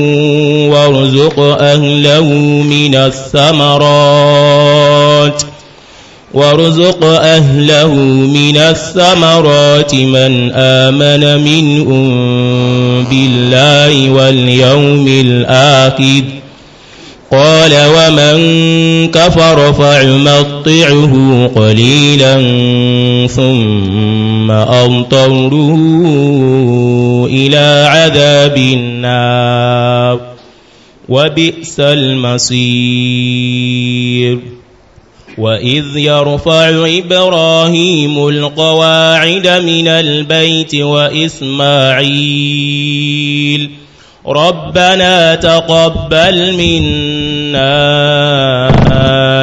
وارزق أهله من الثمرات وارزق أهله من الثمرات من آمن منهم بالله واليوم الآخر قال ومن كفر فعمطعه قليلا ثم أمطره إلى عذاب النار النار وبئس المصير وإذ يرفع إبراهيم القواعد من البيت وإسماعيل ربنا تقبل منا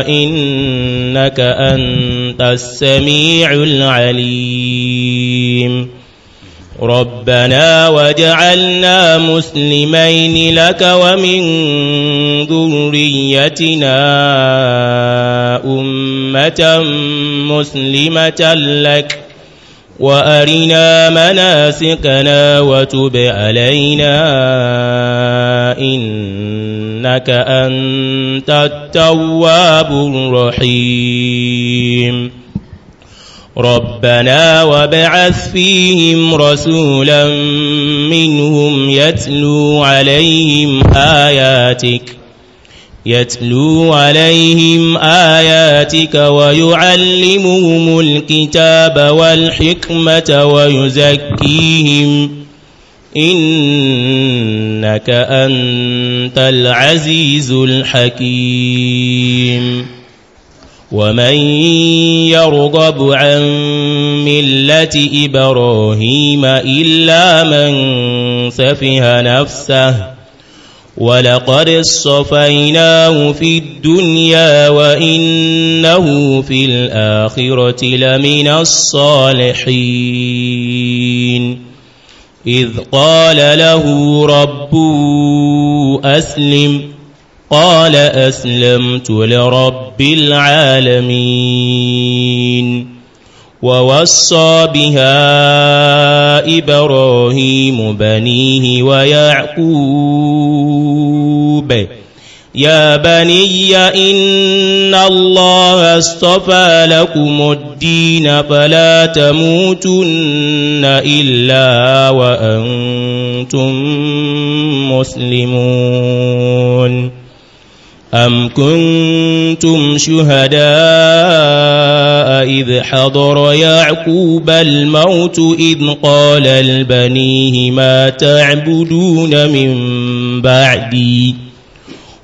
إنك أنت السميع العليم ربنا وجعلنا مسلمين لك ومن ذريتنا أمة مسلمة لك وأرنا مناسكنا وتب علينا إنك أنت التواب الرحيم ربنا وابعث فيهم رسولا منهم يتلو عليهم آياتك يتلو عليهم آياتك ويعلمهم الكتاب والحكمة ويزكيهم إنك أنت العزيز الحكيم ومن يرغب عن ملة إبراهيم إلا من سفه نفسه ولقد اصطفيناه في الدنيا وإنه في الآخرة لمن الصالحين إذ قال له ربه أسلم قال أسلمت لرب العالمين ووصى بها إبراهيم بنيه ويعقوب يا بني إن الله اصطفى لكم الدين فلا تموتن إلا وأنتم مسلمون أم كنتم شهداء إذ حضر يعقوب الموت إذ قال البنيه ما تعبدون من بعدي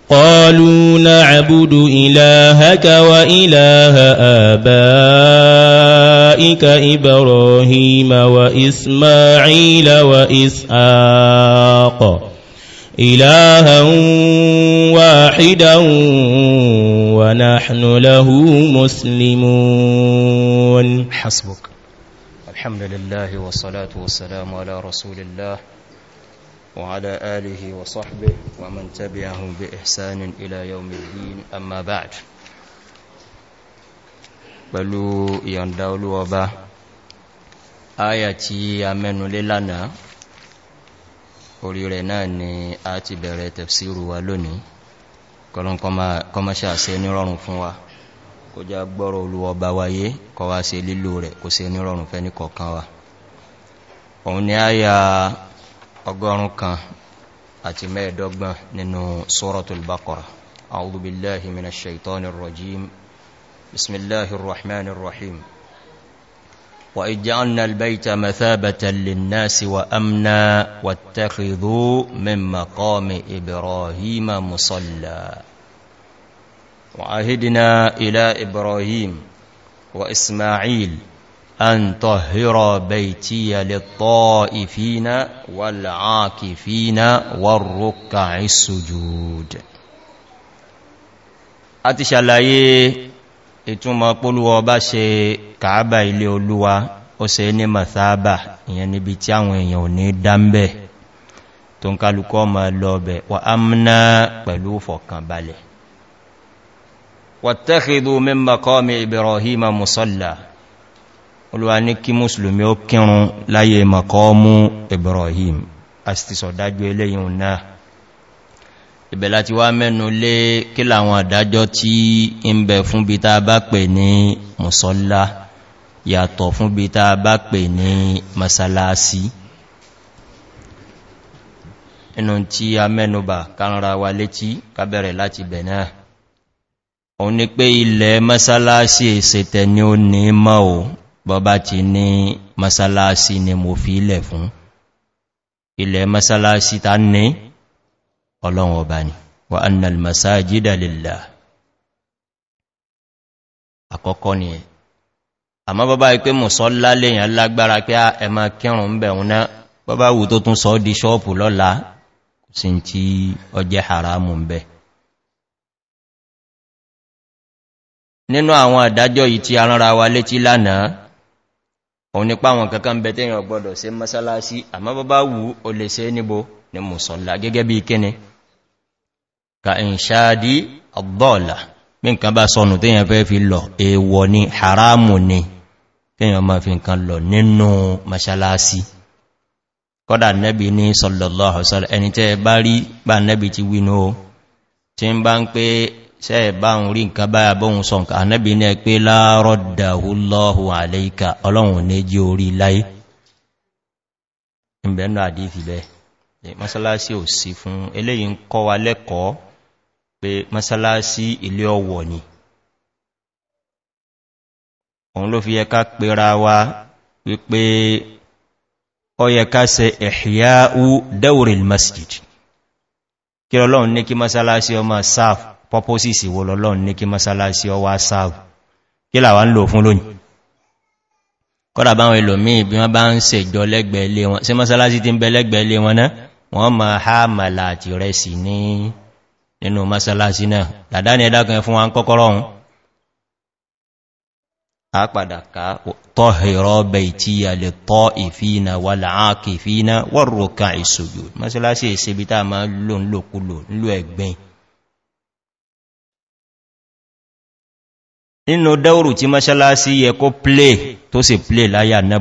قالوا نعبد إلهك وإله آبائك إبراهيم وإسماعيل وإسحاق إلها واحدا ونحن له مسلمون حسبك الحمد لله والصلاة والسلام على رسول الله وعلى آله وصحبه ومن تبعهم بإحسان إلى يوم الدين أما بعد بلو يندولوا با آياتي يا للنا orí rẹ̀ náà ni a ti bẹ̀rẹ̀ tẹ̀fsíru wa lónìí kọlọ́nkọmọ́ṣà se nírọ̀rùn fún wa kó já gbọ́rọ̀ olúwọba wáyé kọ wá se lílò rẹ̀ kó se nírọ̀rùn fẹ́ ní kọ̀ọ̀kan wa òun ni a ya ọgọ́rùn kan àti mẹ́ẹ̀dọ́gbọ̀n nínú suratul وإذ جعلنا البيت مثابة للناس وأمنا واتخذوا من مقام إبراهيم مصلى وعهدنا إلى إبراهيم وإسماعيل أن طهر بيتي للطائفين والعاكفين والركع السجود أتشاليه ìtúnmọ̀ pólúwọ bá ṣe kàábà ilé olúwa ó se ní mathaba ìyẹn níbi tí àwọn èèyàn ò ní dámbẹ̀ tó ń kálukọ́ ma lọ́bẹ̀ wà ámúná pẹ̀lú fọ̀kànbalẹ̀ wàtẹ́kìdú mímọ̀kọ́ mi ìbẹ̀rọ̀híma musalla olúwa ní ìbẹ̀lá ti wá mẹ́nu lé kí làwọn àdájọ́ tí ń bẹ̀ fún bí ta bá pè ní musọ́lá yàtọ̀ fún bí ta bá pè ní masalasi inú tí a mẹ́nubà kánra wa létí kábẹ̀rẹ̀ láti bẹ̀ náà òun ni pé ilẹ̀ masalasi ìsẹ̀tẹ̀ ni ó ní mọ́ bọ́bá ti ní masalasi ni mo fi ilẹ̀ fún ilẹ̀ masalasi ta ní ọlọ́run ọba ni wa annal masajida lilla àkọ́kọ́ ni ẹ̀ àmọ́ bọ́bá ipé mùsọ́lá lèyàn lágbára pé ah, ẹ ma kírùn bẹ̀ wọn náà bọ́bá wù tó tún sọ di ṣọ́ọ̀pù lọ́la sí tí ọjẹ́ haramu bẹ̀ nínú àwọn àdájọ́ yìí tí aránra wa létí lánàá òun nípa àwọn kankan bẹ̀ tẹ́yàn gbọ́dọ̀ sí mọ́sálásí àmọ́ bọ́bá wù ó lè ṣe níbo ní musọ́lá gẹ́gẹ́ bí kíni ka in ṣáàdí ọgbọ́ọ̀lá bí nǹkan bá sọnù tí yẹn fẹ́ fi lọ èèwọ̀ ni haramu ni kí yẹn ma fi nǹkan lọ nínú mashalasi kọ́dà nẹ́bi ní sọ̀lọ̀lọ́hù sọ̀lọ̀ ẹni tẹ́ bá rí bá nẹ́bi ti wínú o tí ń bá ń pé ìbẹ̀nà àdífì bẹ́ẹ̀ masalasi ò sí fún eléyìí ń kọ́ wa lẹ́kọ̀ọ́ pé masalasi ilé ọwọ̀ ni òun ló fi yẹ ká pera wa wípé ọ yẹ ká se ẹ̀hìyà ú dẹ́wòrìl masjid kí lọ́lọ́run ní kí masalasi ọmọ sáf pọ́pọ́sìsì wo lọ́lọ́run ní kí masalasi ọwá sáf kí làwà ń lò fún lónìí kọ́dà báwọn ìlòmí ìbí wọ́n bá ń se ìjọ lẹ́gbẹ̀ẹ́lé wọn sí masalasi ti ń bẹ lẹ́gbẹ̀ẹ́lé wọn náà wọ́n ma ha màlà àti rẹ̀ sí ní nínú masalasi náà dàdá ní ẹ̀dàkùn fún wọn kọ́kọ́rọ̀ ohun a padà ká tọ́hìrọ́ bẹ̀ tí a lè tọ́ ìfíìna wà láàkì ìfíìna wọ́rọ̀ká ìṣòjò masalasi ìṣẹ́bí tá ma lò ńlòkulò ńlò ẹ̀gbẹ̀n nínú dáwòrò tí masalasi yẹ kó plé tó sì plé láyà náà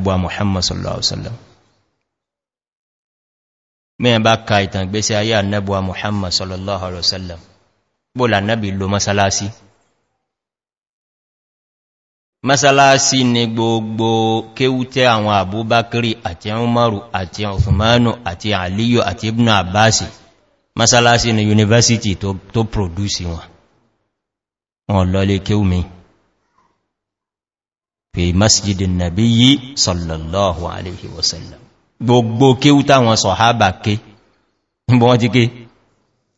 mẹ́yàn bá ka ìtàn gbésí ayé annabuwa muhammad sallallahu alaihi wasallam bóòlà annabi lo masalasi masalasi ni gbogbo kéwútẹ́ àwọn abúbákiri àti umaru àti ọ̀fùmánù àti aliyu àti ibn abbasi masalasi ni yunifásitì tó, tó pòdúsì wọn wọn lọlé kéwùmí fi masjidin nabiyyi sallallahu alaihi wasallam gbogbo kéwú táwọn sọ̀hábà ké níbọn wọ́n ti ké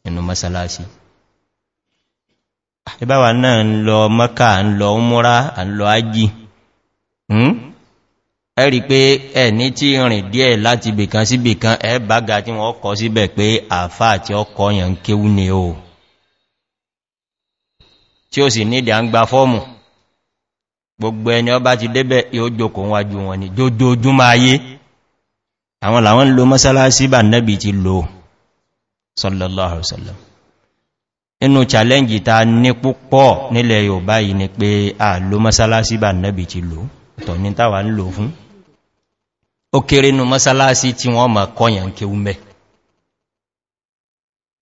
ẹnu masalasi ìbáwà náà ń lọ mọ́ká ń lọ múra ń lọ ájì hmm? ẹ̀rí pé ẹ̀ ní tí rìn díẹ̀ láti bèkan sí bèkan ẹ bága tí wọ́n kọ síbẹ̀ pé àfá àti ọkọ̀ yàn kéwú ni o tí ó sì nídìí ń gba fọ́ọ̀mù gbogbo ẹni ọba ti débẹ̀ yóò jókòó wájú wọn ni jójójúmọ́ ayé àwọn làwọn ń lo mọ́sálásí bà nẹ́bì ti lo sallallahu alaihi wasallam inú challenge ta ní púpọ̀ nílẹ̀ yóòbá yìí ni pé a lo mọ́sálásí bà nẹ́bì ti lo tọ̀ ní tàwà ń lo fún ó kéré nú mọ́sálásí tí wọ́n mọ̀ kọyàn kí umẹ́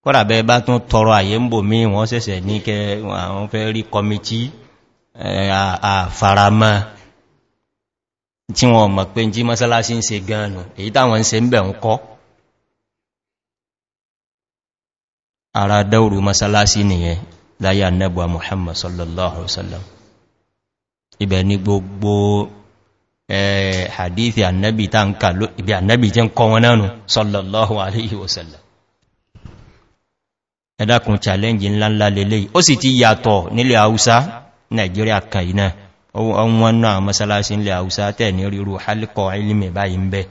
kọ́rà bẹ́ bá tún tọrọ àyè ń bò mí wọ́n sẹ̀sẹ̀ ní kẹ́ àwọn fẹ́ rí kọmití àfaramọ́ tí wọn mọ̀ pé jí mọ́sálásí ń se gánà èyí táwọn ń se ń bẹ̀ ń kọ́ ara dáúrù mọ́sálásí nìyẹn láyé annabuwa muhammad sallallahu ala'uwasallam ibẹ̀ ni gbogbo hadithi annabi ta ń kà ibi annabi tí kọ́ wọn nánu sallallahu ala'uwasallam ẹ̀dàkùn challenge ńláńlá lélẹ́yìí ó sì ti yàtọ̀ nílẹ̀ haúsá nàìjíríà kan yìí ohun wọn náà masalasi ilẹ̀ haúsá tẹ́ ní ríru halkọ̀ ilimi báyìí ń bẹ́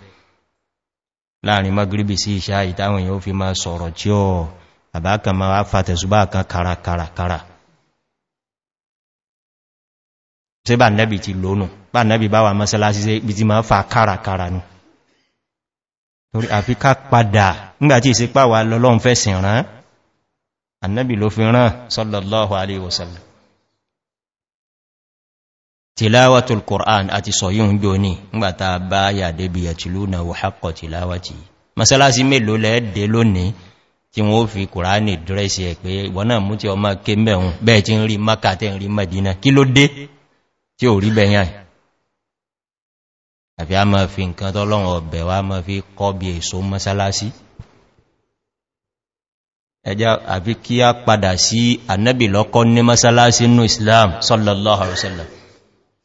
láàrin magribi sí ìṣá ìtàwọn yóò fi máa sọ̀rọ̀ tí ó àbákan ma wá fàtẹ̀sùbá kan kàràkàràkàrà tí bá nẹ́bì ti lónù bá nẹ́bì bá wà masalasi sí ibi tí ma fa kàràkàrà nù tilawatul Qur'an àti sọ̀yún jò ní ngbàta bá yàdé bí ẹ̀tìlú na wùhákọ̀ tilawati masalasi mélòó lẹ́ẹ̀dẹ́ lónìí tí wọ́n fi Qur'ani dírẹ́sì ẹ̀ pé wọ́n náà mú tí ọmọ ké mẹ́un bẹ́ẹ̀ tí ń rí Mákà tẹ́ ń rí Mẹ́dínà kí ló dé tí ò rí bẹ́yàn àfi a máa fi nǹkan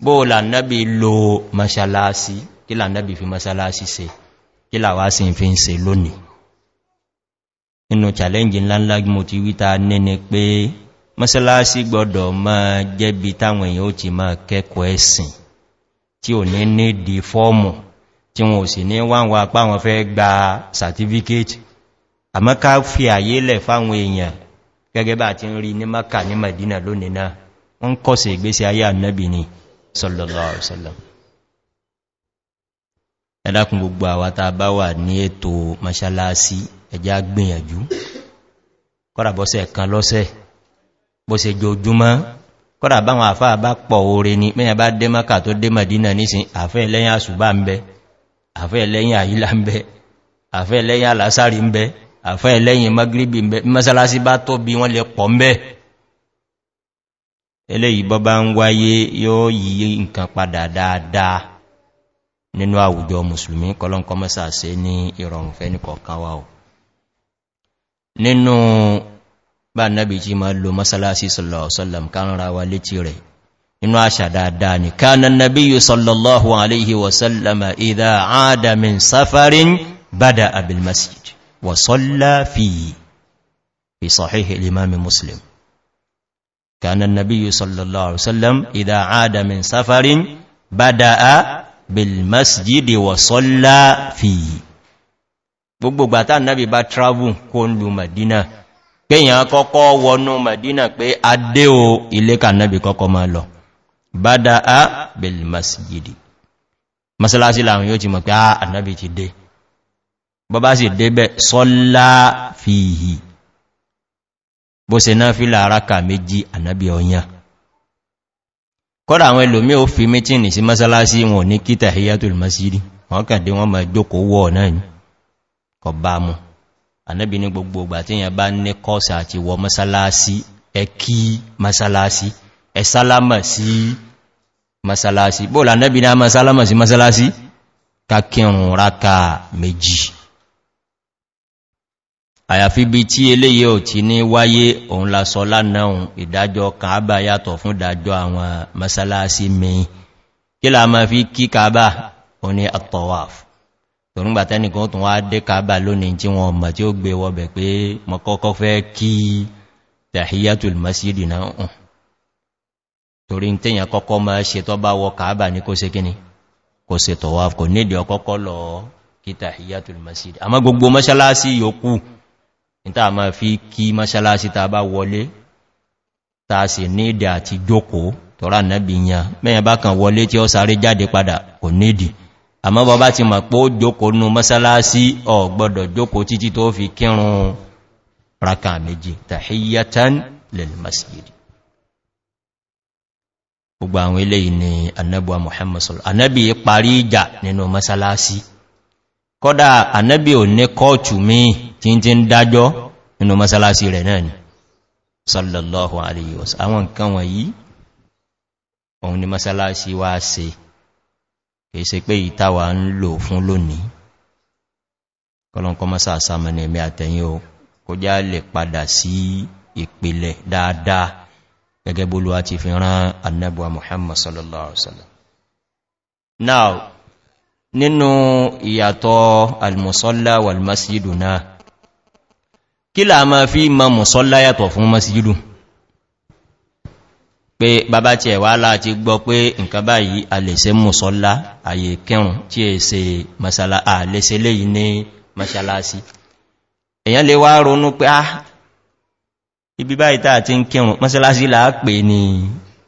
bóòlà náàbì lo masalasi kí là náàbì fi masalasi se kí là wá sí fi ń se lónìí inú challenge ńláńlá mo ti wíta nínú pé masalasi gbọdọ̀ ma jẹ́bi táwọn èèyàn ó ti ma kẹ́kọ̀ọ́ ẹ̀sìn tí ò ní ní di fọ́ọ̀mù tí wọn ò sì ní wáwọn apá wọn fẹ́ gba certificate àmọ́ ká fi àyé lẹ̀ fáwọn èèyàn gẹ́gẹ́ bá ti ń rí ní maka ní madina lónìí náà wọ́n kọ́ ìgbésí ayé ànábì sallallahu alaihi wasallam ẹ̀dàkùn gbogbo àwátá bá wà ní ètò mọ́ṣálásí ẹjá gbìyànjú kọ́dà bọ́sẹ̀ kan lọ́sẹ̀ bó se jojúmọ́ kọ́dà báwọn àfáà bá pọ̀ oore ni mẹ́yàn bá dé mọ́kà tó dé mọ̀dínà nísìn àfẹ́ lẹ́yìn àṣùbá ń bẹ àfẹ́ lẹ́yìn àyílá ń bẹ àfẹ́ lẹ́yìn alásárì ń bẹ àfẹ́ lẹ́yìn magribi ń bẹ mọ́ṣálásí bá tó bí wọ́n lè pọ̀ ń bẹ́ẹ̀ eléyìí bọ́ bá ń wáyé yóò yí nǹkan padà dáadáa nínú àwùjọ musulmi kọlọ́nkọ mọ́sà sí ní ìrọ̀rùn fẹ́ nìkọ̀ọ̀kan wá o nínú bá nábi jí ma lo masalasi sallallahu kánra wa létí rẹ̀ nínú àṣà dáadáa ni kánà nabi yìí sallallahu alaihi wasallama idha adamin safarin bada abil masjid wa sallá fi sahihi limami muslim كان النبي صلى الله عليه وسلم إذا عاد من سفر بدأ بالمسجد وصلى فيه gbogbo gbàtà náàbì bá travel kó ń lu madina kíyàn kọ́kọ́ wọnú madina pé adé o ilé ka náàbì kọ́kọ́ máa lọ bada a bil masjidi masalasi láàrin yóò ti mọ̀ pé a ah, náàbì ti dé bọ́bá sì débẹ̀ sọ́lá fìhì bó se náà fílà aráka méjì ànábí ọ̀yàn kọ́dà àwọn ẹlòmí ó fi mítìnì sí mọ́sálásí wọn ní kíta hiyatul masiri wọ́n kàdé wọ́n ma jókó wọ́ náà ní kọba mú ànábí ní gbogbo ìgbà tí yẹn bá ní kọ́sà àti wọ mọ́sálásí ẹ kí àyàfi bí tí eléyìí ò ti ní wáyé òun la sọ lánàun ìdájọ́ kàábà yàtọ̀ fún ìdájọ́ àwọn masalasi mìí kí la ma fi kí kàábà òun ni atọwaf torúngbàtẹ́nìkan tún wá dé kàábà lónìí tí wọn mọ̀ tí ó gbé wọbẹ̀ pé mọ̀kọ́kọ́ fẹ́ kí tàhíyàtul masjidi náà hùn torí tẹ́yàn kọ́kọ́ ma ṣe tọ́ bá wọ kàábà ní kó se kíni ìta ma fi kí mọ́ṣálásí ta bá wọlé ta sì ní èdè àti jókòó tọ́rà náàbì yàn mẹ́yàn bá kan wọlé tí ó sáré jáde padà kò nídì àmọ́ bọ́ bá ti mọ̀ pé ó jókòó nú mọ́ṣálásí ọ̀gbọ́dọ̀ jókòó títí tó fi kírun raka méjì tàhíyàtán lẹ́lẹ́másíyìdì gbogbo kọ́dá ànẹ́bí ò ní kọ́ọ̀tù mí tí ń ti ń dájọ́ nínú masalasi rẹ̀ náà ni sallallahu alayhi wasu àwọn nǹkan wọ̀nyí òun ni masalasi wá se kìí se pé ìtawà ń lò fún lónìí kọlọ̀nkọ́ masá àsámẹ́ni ẹ̀mí àtẹ̀yìn o kó já lè padà sí ìpìlẹ̀ dáadáa gẹ́gẹ́ bólúwá ti fi rán annabuwa muhammad sallallahu alaihi wasallam now nínú ìyàtọ̀ almusalla wal masjidu náà kí là máa fi ma musalla yàtọ̀ fún masjidu pé bàbá tí ẹ̀wà láti gbọ́ pé nǹkan báyìí a lè se musalla àyè kẹrùn tí è se masala a lè se léyìn ní masalasi èyàn lè wá ronú pé á ah, ibi báyìí tàà ti ń kẹrùn masalasi là pè ní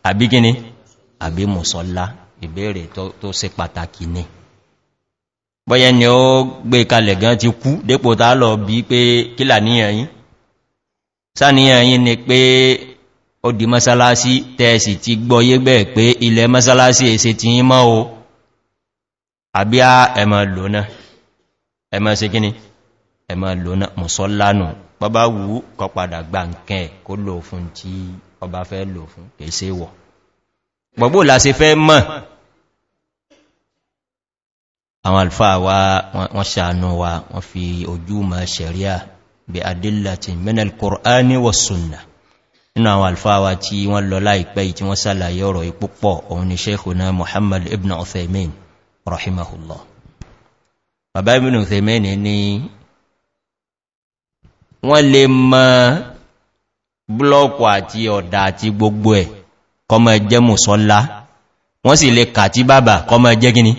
àbígíní àbí musalla ìbéèrè tó se pàtàkì ni bọ́yẹ́ ni ó gbé kalẹ̀ gan ti kú dépò tá lọ bí pé kílà níyànyí sáníyànyí ni pé ó di masalasi tẹ́ẹ̀sì ti gbọ́yé bẹ́ẹ̀ pé ilẹ̀ masalasi èsè ti yí mọ́ o àbí a ẹ̀mọ̀ lónà ẹ̀mọ̀ sí kíní ẹ̀mọ̀ lónà mùsọ́lánù bọ́bá wù kọ padà kó lò fún la se àwọn alfáà wa wọ́n sàánú wa wọ́n fi ojú ma ṣẹ̀ríà bí adílàtí mẹ́nà kòrání wọ súnnà inú àwọn alfáà wa tí wọ́n lọ láìpẹ́ tí wọ́n sàlàyé ọ̀rọ̀ ipúpọ̀ òun ni ṣeikhuna muhammad ibn uthaymin rahimahullah bàbá ibn uthaymin ni wọ́n lè mọ búlọ́ọ̀kù àti ọ̀dà àti gbogbo ẹ̀ kọmọ ẹjẹ́ mùsọ́lá wọ́n sì lè kà tí bàbà kọmọ ẹjẹ́ gini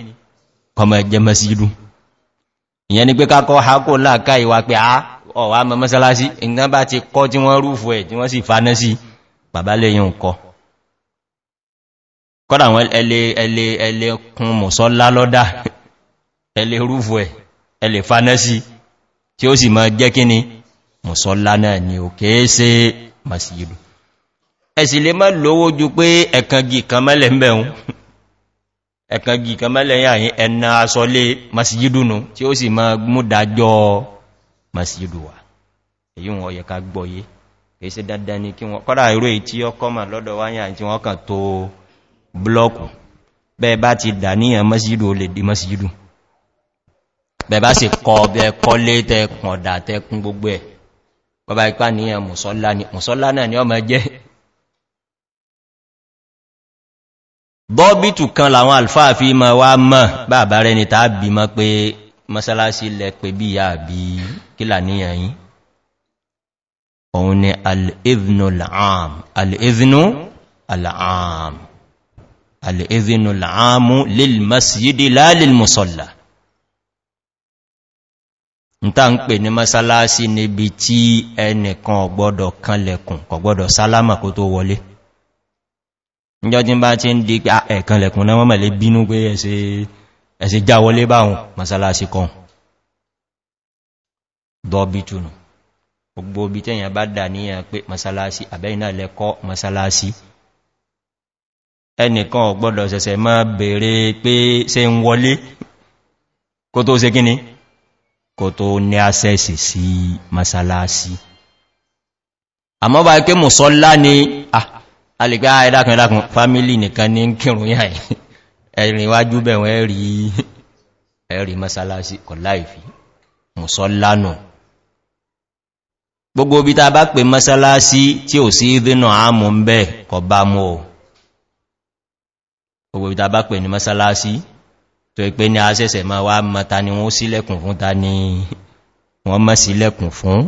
kọmọ ẹjẹ́ mẹ́sílú ìyẹn ni pé kákọ́ hákò láàká ìwà pé a ọ̀wà mọ́ mọ́sálásí ìgbà bá ti kọ́ tí wọ́n rúfù ẹ̀ tí wọ́n sì faná sí bàbá lẹ́yìn kọ́ kọ́dà wọn ẹlẹ́ kún mọ̀sọ́lá lọ́dá ẹlẹ́ rúfù ẹ̀ ẹlẹ́ faná sí tí ó sì mọ́ jẹ́ kí ni mọ̀sọ́lá náà ni ò kéése mọ́sílú ẹ̀sì lè mọ́ lówó ju pé ẹ̀kan gì kan mẹ́lẹ̀ mẹ́un ẹ̀kan gì kan mẹ́lẹ̀ yàyìn ẹ̀nà asọlé masjidunu tí ó sì máa múdájọ́ masjiduwa èyí wọn yẹ ká gbọ́yé kìí sí dandan ní kí wọ́n kọ́dà ìró ìtí ọkọ́ mà lọ́dọ̀ wáyà tí wọ́n kàn tó blọ́ọ̀kù bẹ́ẹ̀ bá ti ni ọmọ bọ́bìtù kan làwọn alfáà fi ma wá mọ̀ bàbá rẹ̀ ni tàà bí mọ́ pé mọ́sálásí lẹ pé bí yà bí kílà níyàyí òun ni al'ivnu al'am al'ivnu al'am al'ivnu al'amu lil masjidi lalil musalla n ta n pè ní mọ́sálásí níbi tí ẹnìkan ọ̀gbọ́dọ̀ kanlẹ̀kùn ọ̀gbọ́dọ̀ sálámà kó tó wọlé níjọ́ tí ń bá ti ń di ah, ẹ̀kan lẹ̀kùn náà wọ́n mẹ́lẹ̀ bínú pé ẹ̀sẹ̀ já wọlé báhùn masalasi kan dọ́bí túnù gbogbo obi tẹ́yìn bá dà níyàn pé masalasi àbẹ́yìn náà lẹ́kọ́ masalasi ẹnìkan ọgbọ́dọ̀ sẹsẹ̀ má bèèrè pé se ń wọlé kó tó se kíni kó tó ní àṣẹ́sì sí masalasi àmọ́ bá ikẹ́ mùsọ́lá ni ah a lè gbá ẹ̀dàkùn ẹ̀dàkùn fámílì nìkan ní kírùn yà ẹ̀rìn wájú bẹ̀wọ̀n ẹ̀rì ẹ̀rì masalasi kọ̀ láìfí musallanu gbogbo bí ta bá pè masalasi tí ò sí ìdínà àmú ń bẹ́ kọ bá mú o gbogbo bí ta bá pè ní masalasi tó ìpé ní asẹ́sẹ̀ ma wá mata ni wọ́n sílẹ̀kùn fún ta ni wọ́n mọ́ sílẹ̀kùn fún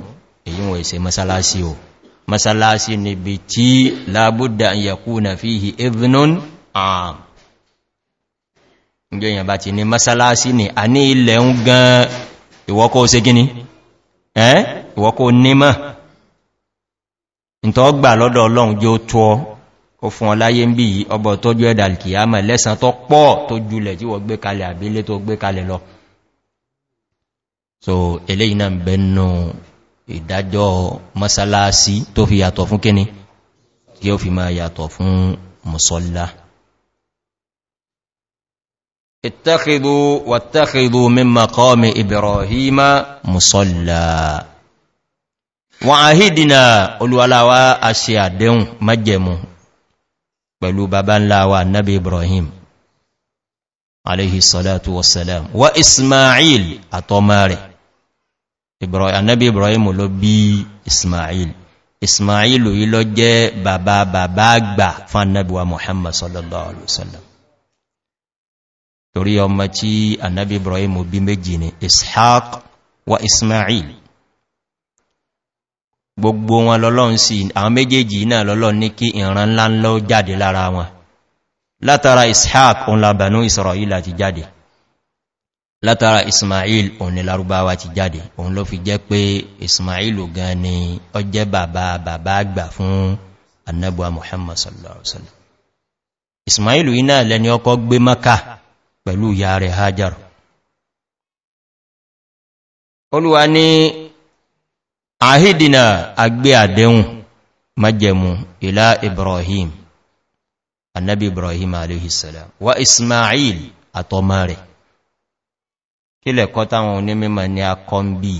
èyí wọ́n èsẹ masalasi o masalasi níbi tí lábúdà ń yẹ̀kú na fi hì ibnun àm ǹjẹ́ ìyànbá ti ní masalasi ni a ní ilẹ̀ ń gan ìwọ́kọ́ ṣe gíní ẹ́ ìwọ́kọ́ nímọ̀ ìntọ́ gbà lọ́dọ̀ ọlọ́run jẹ́ ó tọ́ ó fún ọláyé ń bí yí ọbọ̀ tọ́jú ẹ̀dà kìyàmà lẹ́sàn tó pọ̀ tó jùlẹ̀ tí wọ́n gbé kalẹ̀ àbílé tó gbé kalẹ̀ lọ so eléyìn náà bẹ̀ẹ́nu ìdájọ́ masalasi tó fi yàtọ̀ fún kíni kí ó fi máa yàtọ̀ fún musalla ìtàkìdó wàtàkìdó mímọ̀ kọ́mí ibrahima musalla wọ́n àhídìna olúwaláwá a ṣe àdéhùn májẹ̀mù pẹ̀lú bàbá nabi ibrahim aléhìsọ́látù wasalam wa ismail àtọ́mọ́ rẹ̀ annabi ibrahimu ló bí ismail ismail yí lọ jẹ́ bàbá bàbá àgbà fún annabiwa muhammad sallallahu alaihi wasallam torí ọmọ tí annabi ibrahimu bí méjì ni ishaq wa ismail gbogbo wọn lọ́lọ́n sí àwọn méjèèjì náà lọ́lọ́n ní kí ìran ńlá ńlọ jáde lára wọn látara ishaq òun labanu israel àti jáde látara ismail òní larubawa ti jáde òun ló fi jẹ́ pé ismail gan ni ọ jẹ́ bàbá bàbá àgbà fún annabuwa muhammad sallallahu alaihi wasallam ismail yìí náà lẹni ọkọ̀ gbé maka pẹ̀lú ya rẹ̀ hajar olúwa ní àhídìnà agbé àdéhùn májẹ̀mù ilá ibrahim annabi ibrahim alaihissalam wa ismail àtọmọ kí lẹ̀kọ́ táwọn onímọ̀ ni a kọ́ ń bí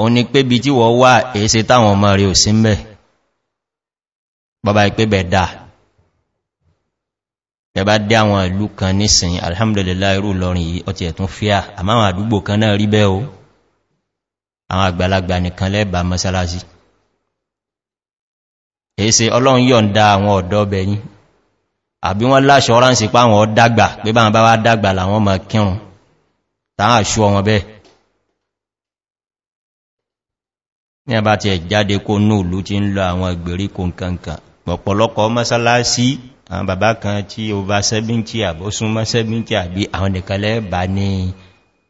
o ní pé bí tí wọ́n wà èése táwọn ọmọ rẹ̀ ò sí mẹ́ bàbá ìpé bẹ̀ dáa ẹ̀bá dé àwọn ìlú kan nísìn alhamdulillah irú lọrin yìí ọtí ẹ̀tún àbí wọ́n láṣọ ránṣì pa àwọn ọdágbà pé bá bá wá dágbà làwọn ma kírùn tàà ṣú ọmọ bẹ́ẹ̀ ní àbá ti ẹ̀ jáde kó ní òlú ti ń lọ àwọn ìgbèríko nkankan pọ̀pọ̀lọpọ̀ mọ́sálásí àwọn bàbá kan tí ó bá 70 àbọ́sún mọ́ àbí àwọn nìkanlẹ̀ bá ní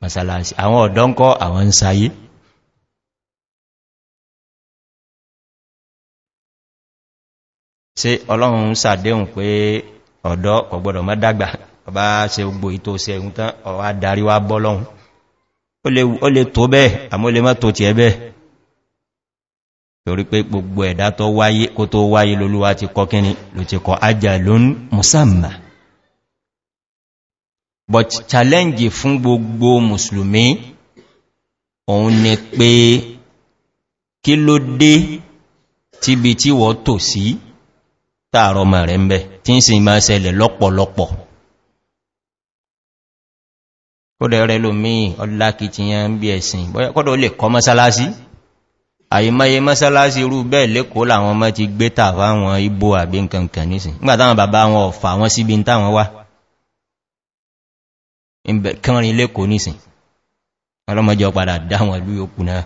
mọ́sálásí àwọn ọ̀dọ́nkọ́ àwọn ń sayé ṣe ọlọ́run sàdéhùn pé ọ̀dọ́ ọ̀gbọ́dọ̀ má dágbà ọba ṣe gbò ìtò ṣe ẹ̀hùn tán ọwá darí wá bọ́ lọ́hun ó lè tó bẹ́ẹ̀ àmó lè má tó ti ẹbẹ́ torí pé gbogbo ẹ̀dá tó wáyé kó tó wáyé lolúwa ti kọ́ kíni ló ti kọ ajá lón musamma but challenge fún gbogbo musulmi òun ni pé kí ló dé tíbi tí wọ́n tò sí si, táàrọ ọmọ rẹ̀ ń bẹ tí ń sin máa ṣẹlẹ̀ lọ́pọ̀lọpọ̀ kódẹ̀ rẹ̀ lómíì ọláki ti yán bí ẹ̀sìn kọ́dọ̀ ó lè kọ́ mọ́sálásí àyímáyé mọ́sálásí irú bẹ́ẹ̀ lẹ́kọ́ láwọn ọmọ ti gbé tàfà wọn ibo àbí nkankan nísìn nígbà táwọn bàbá wọn ọ̀fà wọn síbi táwọn wá kẹrin lẹ́kọ́ nísìn ọlọ́mọjọ́ padà dáwọn ìlú yókù náà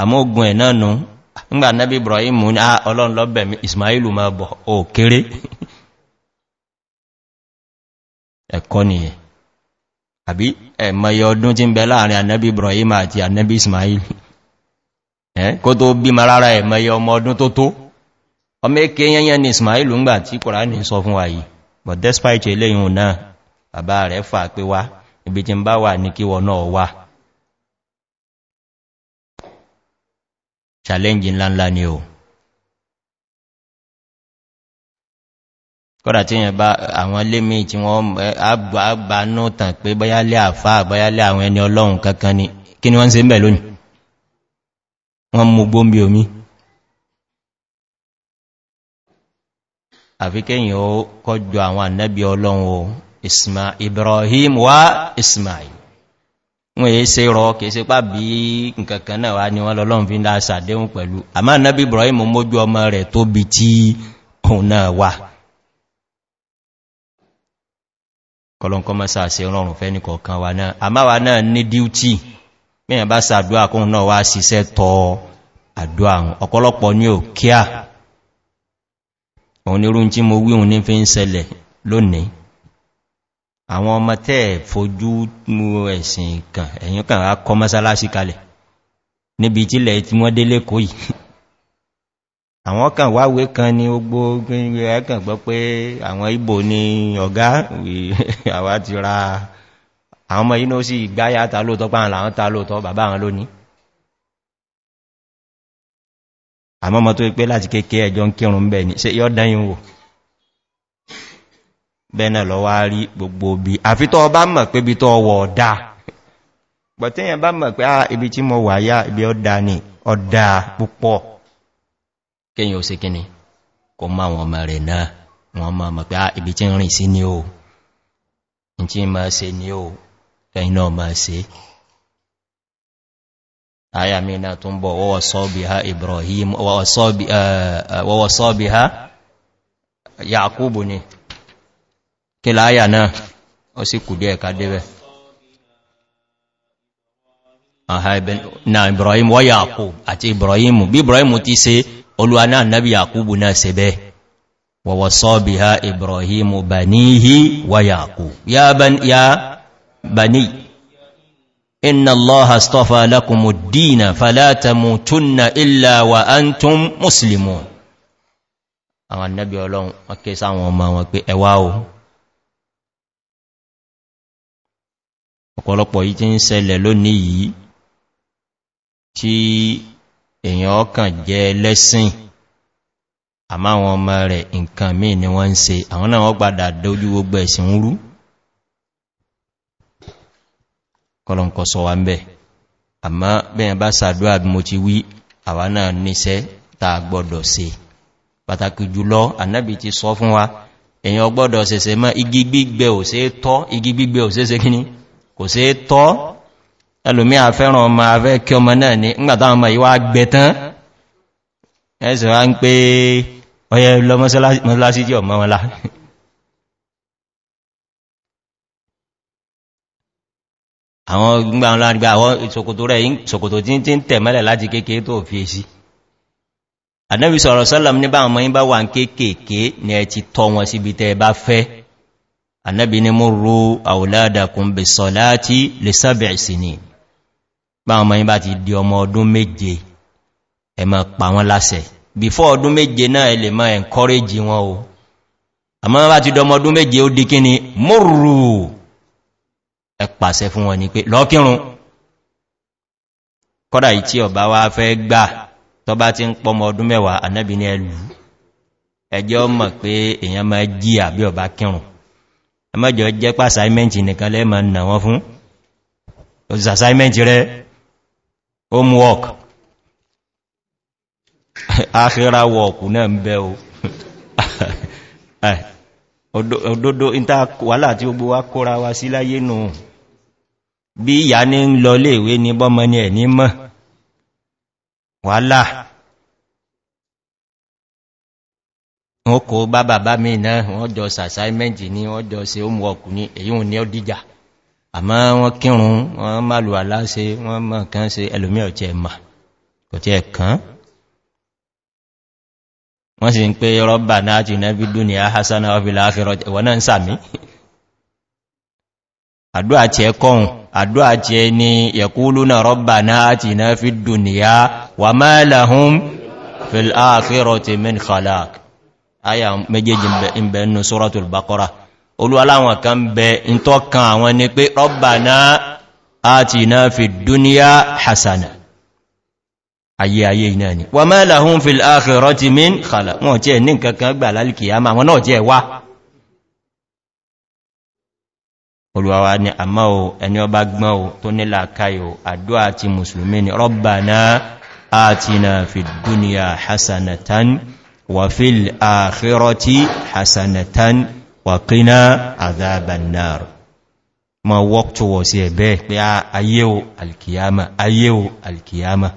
àmógun ẹ̀ náà nù ńgbà nẹ́bí ibrahim ní ah, ọlọ́run lọ́bẹ̀mí ismailu ma bọ̀ ó kéré ẹ̀kọ́ nìyẹ àbí ẹ̀mọ̀yẹ ọdún tí ń bẹ láàrin anẹ́bí ibrahim àti anẹ́bí ismail kó tó bí ma rárá ẹ̀mọ̀yẹ ọmọ ọdún tó tó ọmọ èké yẹnyẹn ni ismail ńgbà tí kòránì sọ fún wa yìí but despite eléyìn na baba rẹ̀ fà pé wá ibi tí ń bá wà ní na náà wà challenge ńláńlá ni o kọ́dà tí yẹn bá àwọn lémi tí wọ́n àgbà náà tàn pé báyá lé àfá báyá lé àwọn ẹni ọlọ́run kankan ni kí ni wọ́n se ń bẹ̀ lónìí wọ́n mú gbóǹbí omi àfikẹ́yìn ó kọjọ àwọn ànẹ́bí ọlọ́run o isma ibrahim wa ismail wọ́n èé se rọ kèèsé pà bí nkankan náà wá ní wọ́n lọ́lọ́run fi ń dá sàdéhùn pẹ̀lú àmá náàbí ibrahim mójú ọmọ rẹ̀ tó bí tí òun náà wà kọlọ̀nkọ́ mọ́ sàṣẹ rọrùn fẹ́ wa náà àmá wa náà ní àwọn ọmọ tẹ́ fojú mú ẹ̀sìn kan ẹ̀yìn kan a kọ mọ́sálásí kalẹ̀ níbi tílẹ̀ tí wọ́n délé kó yìí àwọn kan wáwé kan ní ogbó ẹ̀kàn gbọ́ pé àwọn ibò ni ọ̀gá àwá ti ra àwọn ọmọ inú sí ìgbáyà ta lóòtọ́ pàà láwọn ta lóòtọ́ bàbá àwọn lónìí àmọ́mọ́ tó pé láti kéèkéé ẹjọ́ ń kírùn-ún bẹ̀ ní ṣe yọ́ dáyìn wò bẹ́ẹ̀nà lọ wá rí gbogbo bí àfitọ́ ọba mọ̀ pé bí tọ́ ọwọ̀ ọ̀dá pọ̀tíyàn bá mọ̀ pé ah, ibi tí mo wà yá ibi ọ̀dá ni ọ̀dá púpọ̀ kíyàn ó sì kíni kò má wọn mọ̀ rẹ̀ náà wọn mọ̀ mọ̀ pé ah, ibi tí ń rìn sí ni ó in ma ha wọ́wọ́ ni kí láyà náà ó sì kù díẹ̀ ká débẹ̀ na ibrahim wọ́n yàkó àti ibrahim bí ibrahim ti se olúwa náà nábi yàkúbù náà se bẹ́ wọ̀wọ̀ sọ́bí ha ibrahim banihi wa yàkó ya bani inna allaha stafa lakumu dina falatamu tunna illa wa antum muslimun àwọn annabi ọlọ́run wọ́n sáwọn ọmọ wọn pé ẹwà o ọ̀pọ̀lọpọ̀ yìí ti ń sẹlẹ̀ lónìí yìí tí èyàn ọkàn jẹ lẹ́sìn àmá àwọn ọmọ rẹ̀ nǹkan míì ni wọ́n ń se àwọn náà wọ́n gbádà dójú gbogbo ẹ̀sìn ń rú kọlọ̀nkọ́ sọ wa ń bẹ̀ àmá bẹ́yàn bá sàdúrà bí mo ti wí àwá náà níṣẹ́ ta gbọ́dọ̀ se pàtàkì jùlọ annabi ti sọ fún wa èyàn gbọ́dọ̀ sẹsẹ mọ́ igi gbígbẹ̀ ò sí tọ́ igi gbígbẹ̀ ò sí se kíní kò sí tọ́ ẹlòmí àfẹ́ràn ọmọ afẹ́ kí ọmọ náà ní ńgbàtà ọmọ ìwà gbẹ̀tán ẹ̀sẹ̀ wá ń pé ọyẹ lọ mọ́sálásí jẹ́ ọmọ wọn lá àwọn gbà wọn láàrin gbà àwọn ìṣòkòtò rẹ̀ ìṣòkòtò tí ń tẹ̀ mẹ́lẹ̀ láti kéèkéé tó fi èsì àdẹ́bìsọ̀rọ̀ sọ́lọ̀m níbà àwọn ọmọ yí bá wà ń kéèkéé ní ẹ ti tọ́ wọn síbi tẹ́ bá fẹ́ annabi ni múrú àwòládàkùn bí sọ̀láti lè sábẹ̀ sí ni bá ọmọ yí bá ti di ọmọ ọdún méje ẹmọ pa wọn lásẹ̀ bífọ́ ọdún méje náà ẹ lè mọ́ ẹnkọ́rẹ́jì wọn o àmọ́ bá ti dọmọ ọdún méje ó di kíni múrú ẹ pàṣẹ fún wọn ni pé lọ́kírun kọ́dà ìtí ọ̀bá wá fẹ́ gbà tọ́bá ti ń pọmọ ọdún mẹ́wàá annabi ni ẹlù ẹjọ́ mọ̀ pé èèyàn máa jí àbí ọ̀bá kírùn ẹmọ́jọ jẹ́ pa assignment nìkan lẹ́mọ̀ nà wọ́n fún òsìs assignment rẹ̀ homework àkírà work, náà ń bẹ́ o òdòdó ìta wàhálà tí ó gbó wá kóra wa sí láyé nù bí ìyá ní ń lọ léèwé ní bọ́mọ ní ẹ̀ ní mọ́ wàhálà wọ́n kò bá bàbá mi náà wọ́n jọ sàṣáìmẹ́ntì ní wọ́n jọ se ohun ọkù ní èyí wọn ni ó dìjà àmá wọ́n kírùn wọ́n má lù aláṣẹ wọ́n mọ̀ kán se ẹlòmí ọ̀tẹ́ ẹ̀mà kò tí ẹ̀kán wọ́n sì ń pé rọ́bà náà ti nẹ́bí dúnìá hassan fi dùnìyà wà máa làhún aya méjèèjì ń bẹ nínú suratul baqara olúwaláwọn kan bẹ ń tọ́kan àwọn ni pé rabbana atina fid dunya hasana ayé ayé iná ni wà ma lahum fil akhirati min khala wọn tí ẹ̀ ní kankan gbà lálìkìyàmà wọn náà tí ẹ̀ wá olùwàwà ni àmá o ẹni ọba gbọ́n o tó nílà káyò àdó àti musulmi ni rọ́bà náà àti na fi hasanatan wàfíl àkírọtí hasanatan wàkíná àzábannar ma work towards ẹ̀ bẹ́ẹ̀ pé ah, ayéo alkiyama ayéo alkiyama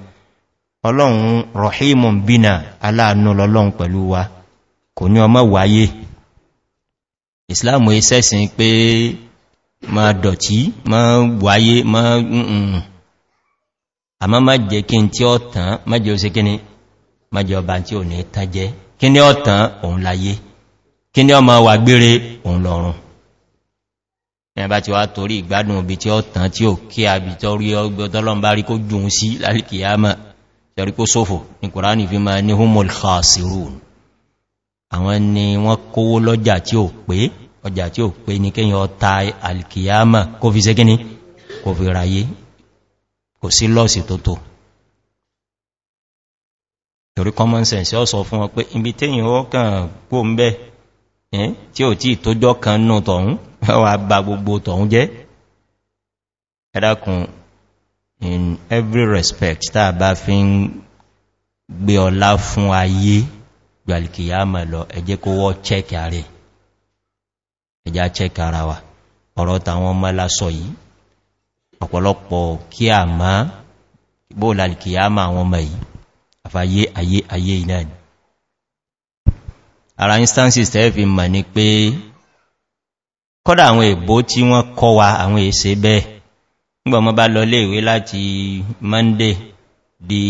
ọlọ́run rọ̀hímùn bínà aláàánú lọ́lọ́run pẹ̀lú wa kò ní ọmọ wáyé ìsìláàmù ìsẹ́sìn pé ma dọ̀tí ma wáyé ma ń àmá má jẹ́ kí n tí ọ tàn má jẹ́ ó se kíni mọ́jẹ ọba tí ò ní tán jẹ́ kí ní ọ̀tán òun láyé kí ní ọmọ wà gbére òun lọ́run ẹ̀bá ti wá torí ìgbádùn òbí tí ọ̀tán tí ò kí àbí tọ́rí ọgbọ́tọ́lọ́mbá rí kó ni wọ́n kówó lọ́jà tí kò sí lọ́ọ̀sì tó tó torí common sense ọ sọ fún wọn pé ibi tẹ́yìn ó kàn kó ń bẹ́ tí ò tí tójọ́ kan nù tọ̀hún wà bá gbogbo tọ̀hún jẹ́ ẹ̀dàkùn in every respect tàà bá fi ń gbé ọlá fún ayé gbàlìkìyà mọ̀ lọ ẹjẹ́ kó wọ́ chẹ́kì ààrẹ ẹjá chẹ́kì ara wa ọ̀rọ̀ tàwọn ọmọ lásọ yìí ọ̀pọ̀lọpọ̀ kí a máa bóòlàlìkìyà mọ̀ àwọn ọmọ yìí àfàyé ayé ayé iná ni ara instances tẹ́ fi mọ̀ ní pé kọ́dà àwọn èbó tí wọ́n kọ́ wa àwọn èsè bẹ́ẹ̀ nígbàmọ́ bá lọ léèwé láti monday di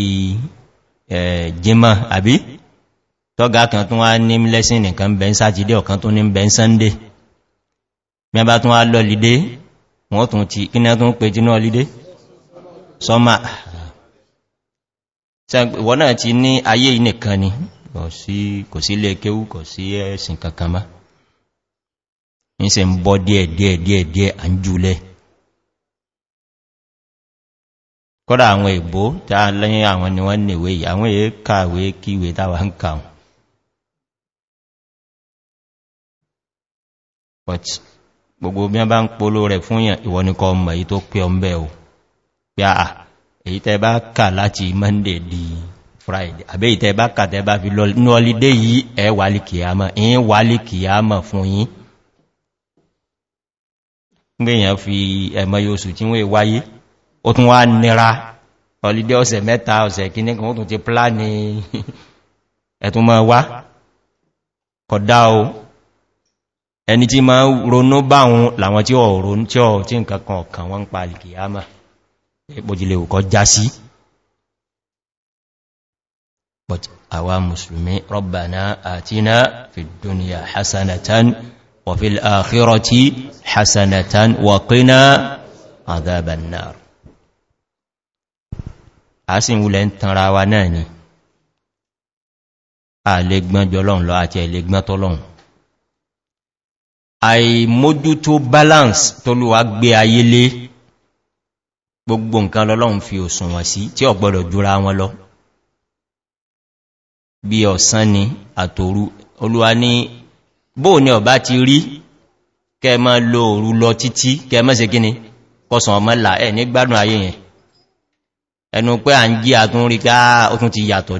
jimọ́ àbí tọ́gá kan tún wá ní lẹ́sìn nìkan bẹ̀ ń sátidé ọ̀kan tún ní bẹ̀ ń sunday mẹ́bá tún wá lọ lìdé wọ́n tún ti kíná tún pè jínú ọlídé sọ́mà wọ́n náà ti ní ayé inìkan ni kò sí ilé kéwú kò sí ẹ̀sìn kankan má ní se ń bọ́ díẹ̀ díẹ̀ díẹ̀ díẹ̀ à ń jùlẹ̀ kọ́dá àwọn ìbò a lẹ́yìn àwọn ni wọ́n nìwé àwọn èé kàwé kíwé táwà ń gbogbo bí wọ́n bá ń èyí tẹ bá kà láti monday di friday àbẹ́ ìtẹ bá kà tẹ bá fi lọ́lídé yìí ẹ wàlì kìyàmọ̀ ẹ̀yìn wàlì kìyàmọ̀ fún yí gbìyàn fi ẹ̀mọ̀ yóò sù tí wọ́n wáyé ó tún wá nira lọ́lídé ọ̀sẹ̀ mẹ́ta ọ̀sẹ̀ kìíní ó tún ti pláni ẹ̀tún o ẹni ma ronú báhun làwọn tí ọ̀ ronú tí ọ̀ bójílé òkọ́ já sí but àwa musulmi rọ́bàná àti na fi duniya hasanatan wàfil àkírọtí hasanatan wàkíná àdábànà a sì wulẹ̀ ń tanra wa náà ni a lè gbọ́n jọlọ́n lọ àti ẹ̀lẹ́ gbọ́n tọ́lọ́n àìmójútó balance tólúwà gbé ayé lé gbogbo nǹkan lọ́lọ́run fi òsùn wọ̀n sí tí ọ̀gbọ́dọ̀ jura wọn lọ bí ọ̀sán ni àtòrú olúwa ní bó ní ọ̀bá ti rí kẹ mọ́ lo òru lọ títí kẹ mọ́ sí kíni kọsàn ọmọ là ẹ̀ ní gbádùn ayé yẹn ẹnu pé à ń jí àtún rí ká ó tún ti yàtọ̀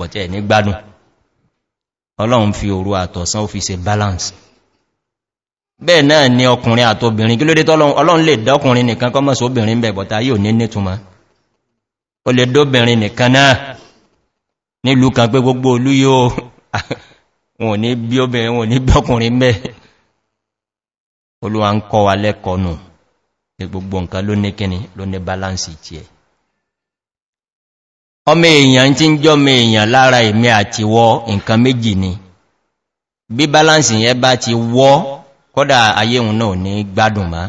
díẹ̀ ọlọ́run fi òru àtọ̀sán ó fi se balance bẹ́ẹ̀ náà ni ọkùnrin àtọbìnrin kí ló dé tọ́lọ́run ọlọ́run lè dọ́kùnrin nìkan kọ́ mọ́sí obìnrin bẹ̀ bọ̀ta yóò ní nítúnmá o lè dóbìnrin nìkan náà nílùú kan pé gbogbo olú yóò wọn ní bí obìnrin wọn ní bí ọkùnrin bẹ́ olúwa ń kọ́ wa lẹ́kọ̀ọ́nù gbogbo nǹkan ló ní kíni ló ní balance ọmọ èèyàn tí ń jọ mọ èèyàn lára ìmẹ àti wọ nǹkan méjì ni bí balance yẹn bá ti wọ́ kọ́dà ayéhun náà ní gbádùn má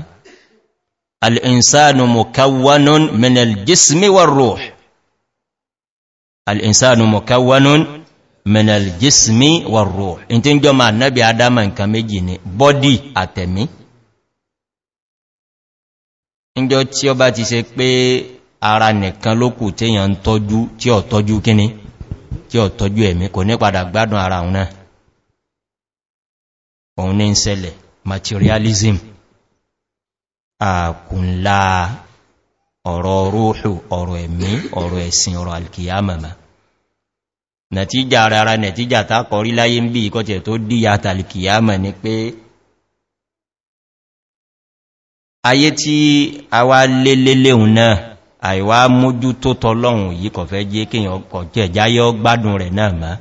al'insanu mukawwanun min aljismi wa ruh al'insanu mukawwanun min aljismi wa ruh in ti ń jọ ma nabi ni body atemi. ń jọ tí ọ ti se pé ara nìkan lókù tí èyàn ń tọ́jú tí ọ̀ tọ́jú kíní tí ọ̀ tọ́jú ẹ̀mí kò ní padà gbádùn ara òun náà òun ní ń sẹlẹ̀ materialism àkùnlá ọ̀rọ̀ rúhù ọ̀rọ̀ ẹ̀mí ọ̀rọ̀ ẹ̀sìn ọ̀rọ̀ alkiyamama nàtíjà ara nàtíjà tákọrí láyé ń bí ìkọ́tẹ̀ tó díyà tàlìkìyàmà ni pé ayé tí a wá lélélé òun náà àìwá mójú tó tọ́lọ́run yìí kọ̀fẹ́ jẹ́ kíyàn kọ̀jẹ̀ jáyọ́ gbádùn rẹ̀ náà máa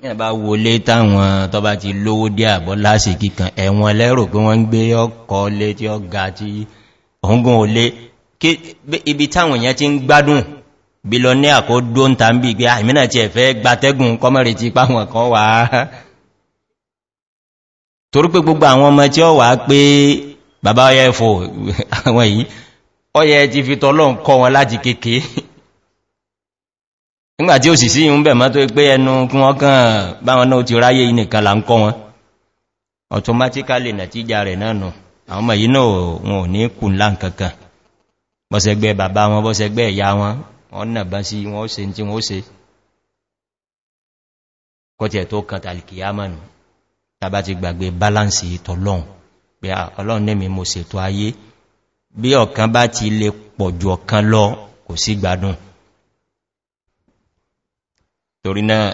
ní ẹ̀bá wọlé táwọn tọba ti lówó dí àbọ́ lásì kíkan ẹ̀wọ̀n lẹ́rò pé wọ́n ń gbé ọkọ̀ lé tí ó ga tí ọ̀ngùn olé ibi táwọn èèyàn ti ń gbádùn bí lọ ní àkódó bàbá ọyẹ́ fò àwọn yìí ọyẹ ti fi tọ́lọ́n kọ wọn láti kéèké nígbàtí ó sì sí ìhún bẹ̀mọ́ tó pé ẹnu kún wọ́n kàn báwọn náà ti ráyé inìkan là ń kọ́ wọn automatically nàtíjà rẹ̀ náà nù àwọn ọmọ yìí náà wọn ò ní kù ńlá nkankan bọ́sẹ̀gbẹ́ bàbá wọn bọ́sẹ̀gbẹ́ ìyá wọn wọ́n nà bá sí wọ́n se tí wọ́n se kọ́tẹ̀ tó kan tàlìkìyámanu tàbá ti gbàgbé balance ìtọ̀lọ́n pé ọlọ́run nẹ́mi mo bí ọ̀kan bá ti lè pọ̀jù ọ̀kan lọ kò sí gbádùn torí náà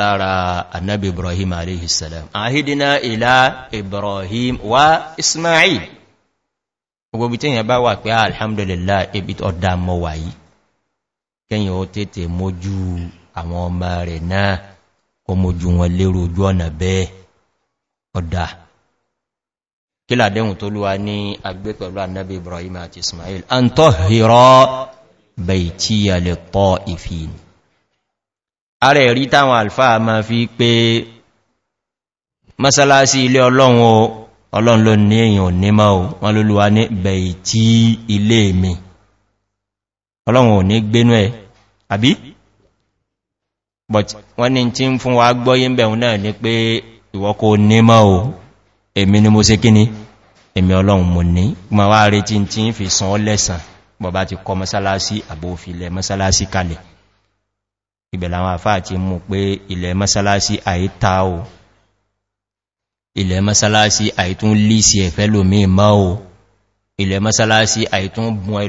lára annabi ibrahim aleyhisselam ahidina ila ibrahim wa ismail gbogbo tí èyàn bá wà pé alhamdulillah ibi ọ̀dá mọ́ wà yìí kẹ́yìn ó tètè mójú àwọn ọmọ rẹ̀ náà kó mójú wọn lérò ojú ọ̀nà bẹ́ẹ̀ ọ̀dá kí làdéhùn tó lúwa ní agbé pẹ̀lú annabi ibrahim àti ismail an tó hìrọ bẹ̀ìtíyà lè pọ̀ ìfìyìn ààrẹ rí táwọn alfa ma fi pé masalasi ilé ọlọ́run o ọlọ́run ló ní èyàn ò o wọ́n ló lúwa ní bẹ̀ìtí ilé mi ọlọ́run ò ní gbénú ẹ̀ àbí but wọ́n ni tí ń fún wa gbọ́yí ń bẹ̀rún náà èmi ni mo se kíni èmì ọlọ́run mò ní ma wá rí tí tí ń fi san ọ́ lẹ́sàn bọ̀bá ti kọ mọ́sálásí àbófilẹ̀ mọ́sálásí kalẹ̀ ìbẹ̀lẹ̀ àwọn àfáà ti mú pé ilẹ̀ mọ́sálásí àìta o ilẹ̀ mọ́sálásí àìtún lísì ẹ̀fẹ́ lómí mọ́ o ilẹ̀ mọ́sálásí àìtún bùn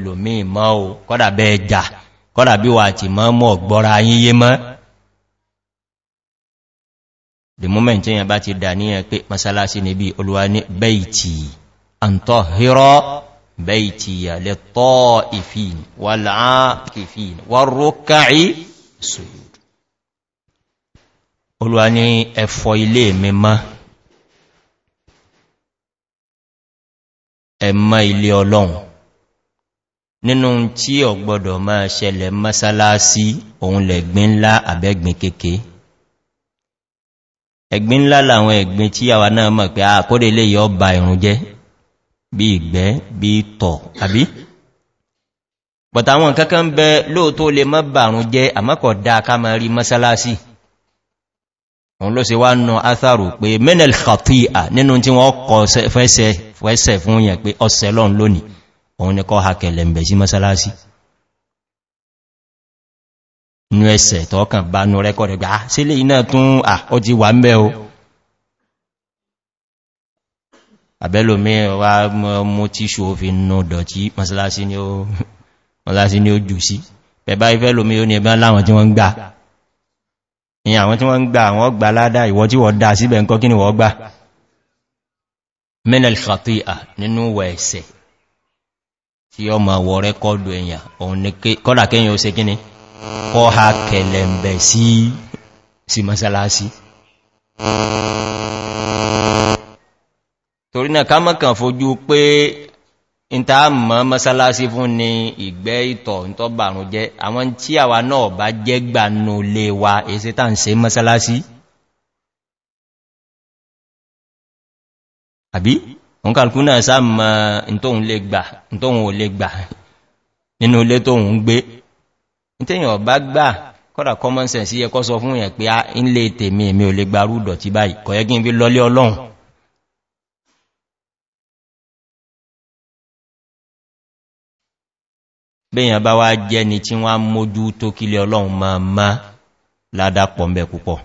the moment yẹn bá ti dà níyàn pé mọ́sálásí níbi olúwa ní bẹ́ìtì antọ́hírọ́ bẹ̀ìtìyà lè tọ́ ìfìn wà láàkìfìn wà rókàí sùúrù olúwa ní ẹ̀fọ́ ilé mímọ́ ẹ̀mọ́ ilé ọlọ́run nínú tí ọ̀gbọ́dọ̀ máa ṣẹlẹ̀ mọ́sálásí òun lẹ̀gbín ńlá àbẹ́gbìn kéèkéé ẹ̀gbín ńlá làwọn ẹ̀gbín tí àwà náà mọ̀ pé àkódé lè yọ ọba ìrùn jẹ́ bí ìgbẹ́ bí tọ̀ àbí bọ̀tà àwọn kankan bẹ lóòtó lè mọ́ bàrún jẹ́ àmọ́kọ̀ dá ká máa rí mọ́sálásí òun ló se wá nà átàrù pé menel khatia nínú tí wọ́n kọ fẹ́sẹ̀ fún yẹn pé ọsẹ̀ lọ́n lónìí òun ni kọ́ àbẹ́lòmí wa mú tí ṣò fi nù dọ̀tí masalasi ni ó jù sí pẹ̀bá ìfẹ́lòmí ó ní ẹbá láwọn tí wọ́n ń gbà ní àwọn tí wọ́n ń gbà wọ́n gbà ládá ìwọ́ tí wọ́n dá síbẹ̀ ń kọ́ kí ni wọ́n gbà menel khati'a nínú wẹ̀ ẹ̀sẹ̀ tí ọ ni kọ́dà kẹ́yìn ó masalasi torí náà ká mọ́kàn fojú pé ìta mọ́ mọ́sálásí fún ni ìgbẹ́ ìtọ̀ tó bàrún jẹ́ àwọn tí àwa náà bá jẹ́ gbànú lè wa èsì tàà ń se mọ́sálásí àbí òun kàlùkù náà sáàmà ìtóhun lè gbà nínú ilé tóhun gbé ìtẹ́yìn ọ̀bá gbà kọ́dà common sense yẹ kọ́ sọ fún ẹ̀ pé a ah, ń lè tèmi èmi ò lè gbárúdọ̀ ti báyìí kọ̀yẹ́gí ń fi ọlọ́run bẹ́yàn bá wá jẹ́ ni tí wọ́n mójú tó kílẹ̀ ọlọ́run máa má ládàpọ̀ mẹ́ púpọ̀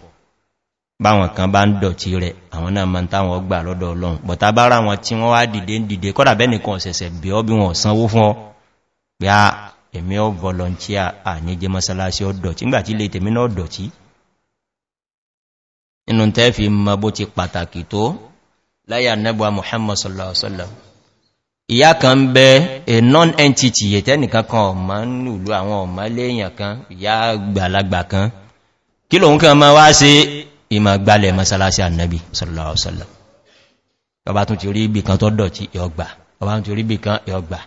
báwọn kan bá ń dọ̀tí rẹ̀ àwọn náà ma ń táwọn gbà lọ́dọ̀ ọlọ́run bọ̀tá bá ra wọn tí wọ́n wá dìde ń dìde kọ́dà bẹ́nìkan ọ̀sẹ̀sẹ̀ bí ọ́ bí wọn sanwó fún ọ pé a ìyá kan ń bẹ a non-entity yẹ̀tẹ́ nìkan kan ọmọ nùlú àwọn ọmọ léèyàn kan ìyá gbàlagbà kan kí lòun kan ma wá sí ìmọ̀ masalasi annabi sallallahu alaihi wasallam ọba tún ti rí ibì kan tó dọ̀tí ìọgbà ọba tún ti rí ibì kan ìọgbà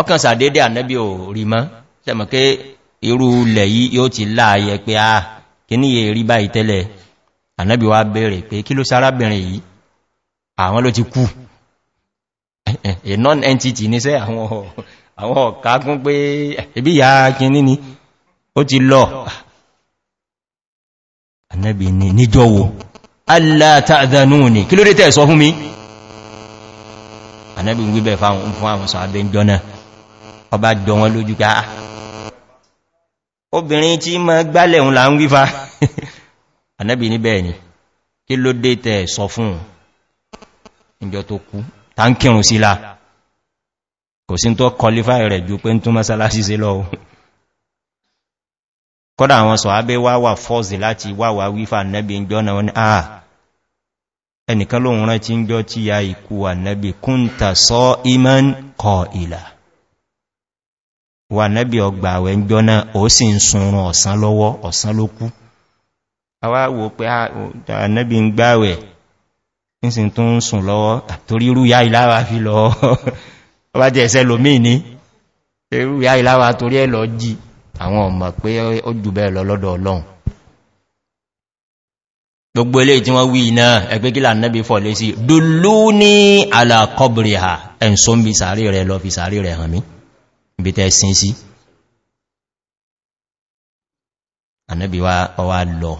ọkàn sàdédé ànẹ́bí ò rí mọ́ sẹ́mọ̀ pé irú ilẹ̀ yìí yóò ti àwọn ló ti kú a eh, eh, non-entity ní sẹ́ àwọn ọ̀kágún pé ẹbí ya kìíní ni ó ti lọ annabi ni níjọwò alátàdánúni kí ló dé tẹ́ sọ fún mi annabi wíbẹ̀ fáwọn fún àwọn sọ abẹ́ jọna ọba jọ wọn lójú ká ah, obìnrin tí ma gbálẹ̀ ń la ń wífà annabi níbẹ̀ ni kí ló dé tẹ́ sọ fún ìjọ tó ta kírùn sí la kò sí tó kọlífà rẹ̀ ju pé ń tún mọ́sálásí sí lọ kọ́dà àwọn sọ abẹ́ wá wà fọ́sì láti wà wà wífà nẹ́bí ń jọ́nà wọn àà ẹnìkan lóhun rántí ń jọ tí ya ikú wà nẹ́bí kúnta sọ iman kọ ìlà wà nẹ́bí ọgbà àwẹ̀ ń jọ́nà ó sì ń sunrun ọ̀sán lọ́wọ́ ọ̀sán ló kú awáwo pé nẹ́bí nísìn tó ń sùn lọ́wọ́ torí rúyá ìláwà fi lọ ọba jẹ́ ẹ̀ṣẹ́ lómí ní rúyá ìláwà torí ẹ̀ lọ jí àwọn ọmọ pé ó jù bẹ́ẹ̀ lọ lọ́dọ̀ ọlọ́run gbogbo ilé tí wọ́n wí iná ẹgbẹ́ gílà nẹ́bí fọ́lé sí dùlú ní alàkọ́bìrìhà ẹ̀ǹsọ́ ń bí sàárì rẹ̀ lọ fi sàárì rẹ̀ hàn mí ibi tẹ́ sin sí ànẹ́bí wa ọwá lọ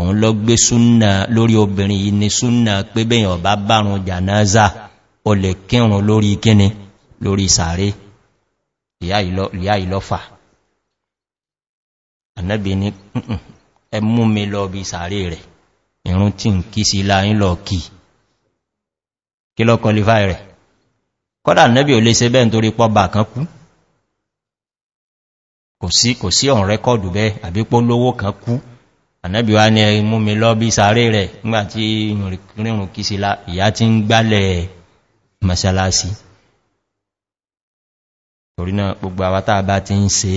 òun lọ gbé súnnà lórí obìnrin yìí ni súnnà pé bẹ́yàn bá bárun jànáza o lè kírun lórí kíni lórí sàárè ìyá ìlọ́fà ànẹ́bì ní ẹmú mi lọ bí sàárè rẹ̀ ìrún tí ń kí sí láyín lọ kí kí lọ kọlifá rẹ̀ kọ́dà ànẹ́bì ò lè ṣe bẹ́ẹ̀ nítorí pọ́bà kan kú kò sí ọ̀n rẹ́kọ́dù bẹ́ẹ̀ àbípọ́ lówó kan kú ànábì wá ní ẹ̀rí mú mi lọ bí sàárè rẹ̀ nígbàtí rírùn kí sí ìyá tí ń gbálẹ̀ masalasi torí gbogbo àwátá bá ti ń se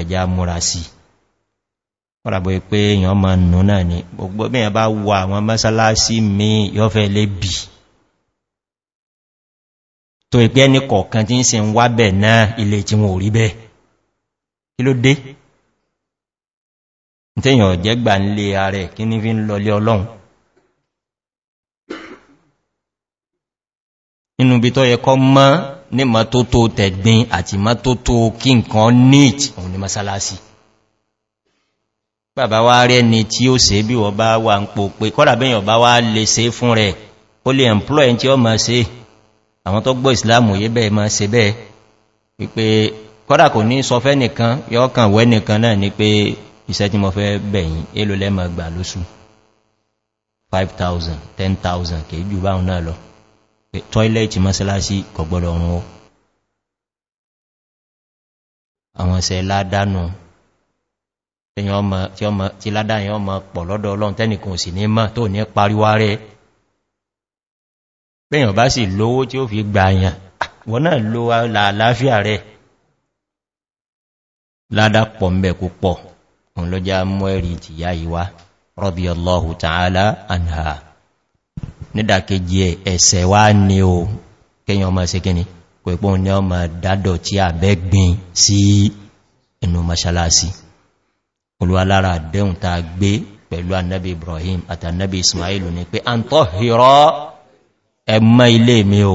ẹja múra sí kọ́làbọ̀ pé ma nù náà ni gbogbo mẹ́yàn bá wà àwọn masalasi mi yọ́fẹ́ lé bì tó ìpẹ́ ní kọ̀ọ̀kan tí ń se ń wábẹ̀ náà ilé tí wọn ò rí kí ló dé tíyàn jẹ́ gbà ń lè ààrẹ kí ní fi ń lọlé ọlọ́run inú bí tó yẹ kọ́ mọ́ ní ma tó tó tẹ̀gbìn àti ma tó tó kí nǹkan neat òun ni masalasi bàbá wá rẹ̀ ni tí ó se bí wọ́n bá wà ń pò pé kọ́lá bẹ́yàn bá wá lè se fún rẹ̀ ó lè employ tí ó ma se àwọn tó gbọ́ ìsìláàmù yé bẹ́ẹ̀ ma se bẹ́ẹ̀ wípé kọ́lá kò ní sọ fẹ́ nìkan yọ́ kàn wẹ́ nìkan náà ni pé iṣẹ́ tí mo fẹ́ bẹ̀yìn èlò lẹ́mọ̀ gbà lóṣù 5,000 10,000 kìí jù báhùn náà lọ tọ́ílẹ̀tì mọ́sílásí kọ̀gbọ́dọ̀ ọ̀run ó àwọn iṣẹ́ ládánù tí ládáyàn ọmọ pọ̀ lọ́dọ̀ ọlọ́run tẹ́nìkan sì ní mọ́ tó ní pariwá rẹ̀ pẹ́yàn bá sì lówó tí ó fi gbàyàn wọ́n náà lówó làlàáfíà rẹ̀ ládá pọ̀ mẹ́ pọ̀ ọlọ́já mọ́ ẹ̀rí ti yá ìwá rọ́bí ọlọ́hù tààlá àníhà nídàkejì ẹ̀ẹ̀sẹ̀ wá ní o kíyàn ọmọ sí kíni ní ọmọ dádọ̀ tí a bẹ́ gbìn sí inú mashalasi olúwalára àdéhùn ta gbé pẹ̀lú annabi ibrahim àti annabi ismail ní pé a ń tọ́ hìrọ ẹmọ ilé mi o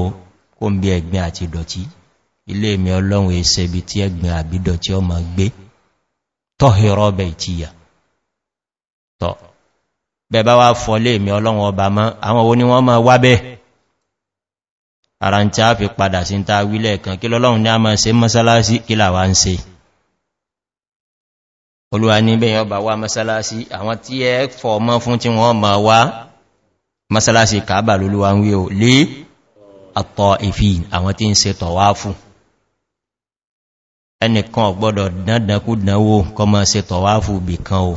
kó ń bí ẹgbìn àti ìdọ̀tí ilé mi ọlọ́run èsẹ̀ ibi tí ẹgbìn àbídọ̀ ọmọ gbé tọ́hìrọ bẹ̀ìtìyà tọ́ bẹ̀bá wá fọ́lé mi ọlọ́run ọba mọ́ àwọn owó ni wọ́n máa wá bẹ́ ara ń tí a fi padà sí ta wílẹ̀ kan kí lọ́lọ́run ní a máa se mọ́sálásí kí làwá ń se olúwa ní bẹ́yàn ọba wá mọ́sálásí àwọn tí ẹ fọ́ mọ́ fún tí wọ́n máa wá mọ́sálásí kàábà lólúwa ń wí ò lé àtọ̀ ìfì àwọn tí ń se tọ̀wá fún ẹnìkan ọ̀gbọ́dọ̀ dandankúdanwó kọ ma se tọ̀wáfù bì kan o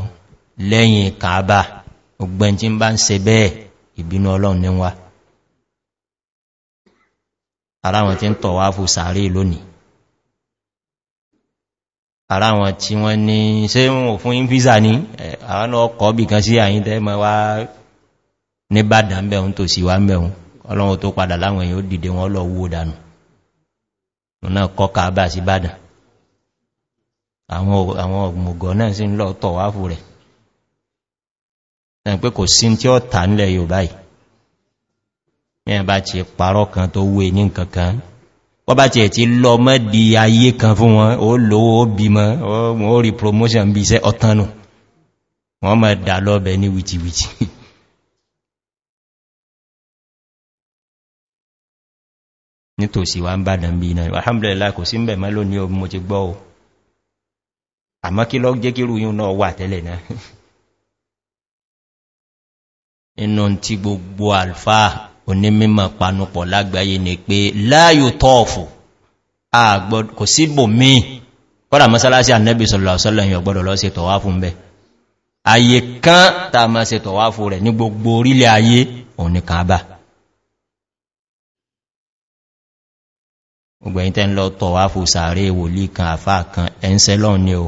lẹ́yìn kàábà ọgbẹ̀n tí ń bá ń se bẹ́ẹ̀ ìbínú ọlọ́run ní wá ara wọn tí ń tọ̀wáfù sàárè lónìí ara wọn tí wọ́n ní ṣe wọn fún invisa ní àwọn ọkọ̀ bì kan sí àyín tẹ́ mọ́ wá ní bàdàn bẹ̀rún tó sì wá mẹ́rún ọlọ́run tó padà láwọn èèyàn ó dìde wọn lọ wó dànù náà kọ́ kàábà sí bàdàn àwọn ọ̀gbùngọ̀ náà sí ń lọ tọ̀ wá fún rẹ̀ ẹn pé kò sí tí ó tà nílẹ̀ yóò báyìí ní ẹ̀bá ti parọ́ kan tó wé ní nkankan wọ́n bá ti ẹ̀ ti lọ mọ́ di ayé kan fún wọn ó lówó ó bímọ ó rí promotion bí iṣẹ́ ọ̀tánù wọ́n mọ̀ dà lọ́bẹ̀ ní wìtìwìtì nítòsí wa ń bá dàn bí iná alhamdulillah kò sí mẹ́ mẹ́ lónìí o mo ti gbọ́ o àmọ́ kí lọ jẹ́ kírù yíò náà wà tẹ́lẹ̀ náà inú tí gbogbo alfa onímímọ̀ panupọ̀ lágbàáyé ni pé láàyò tọ́ọ̀fù kò síbò míì kọ́nà mọ́sálásí annabi sọ̀lọ̀sọ́lọ̀ yìí ọgbọ́dọ̀ lọ sí tọ̀wá fún bẹ́ ayé kan tàà máa se tọ̀wá fún rẹ̀ ní gbogbo orílẹ̀ ẹ̀yìn tẹ́ ń lọ tọ̀wá sàárè wòlí kan àfáà kan ẹ̀ńsẹ́lọ́ ni o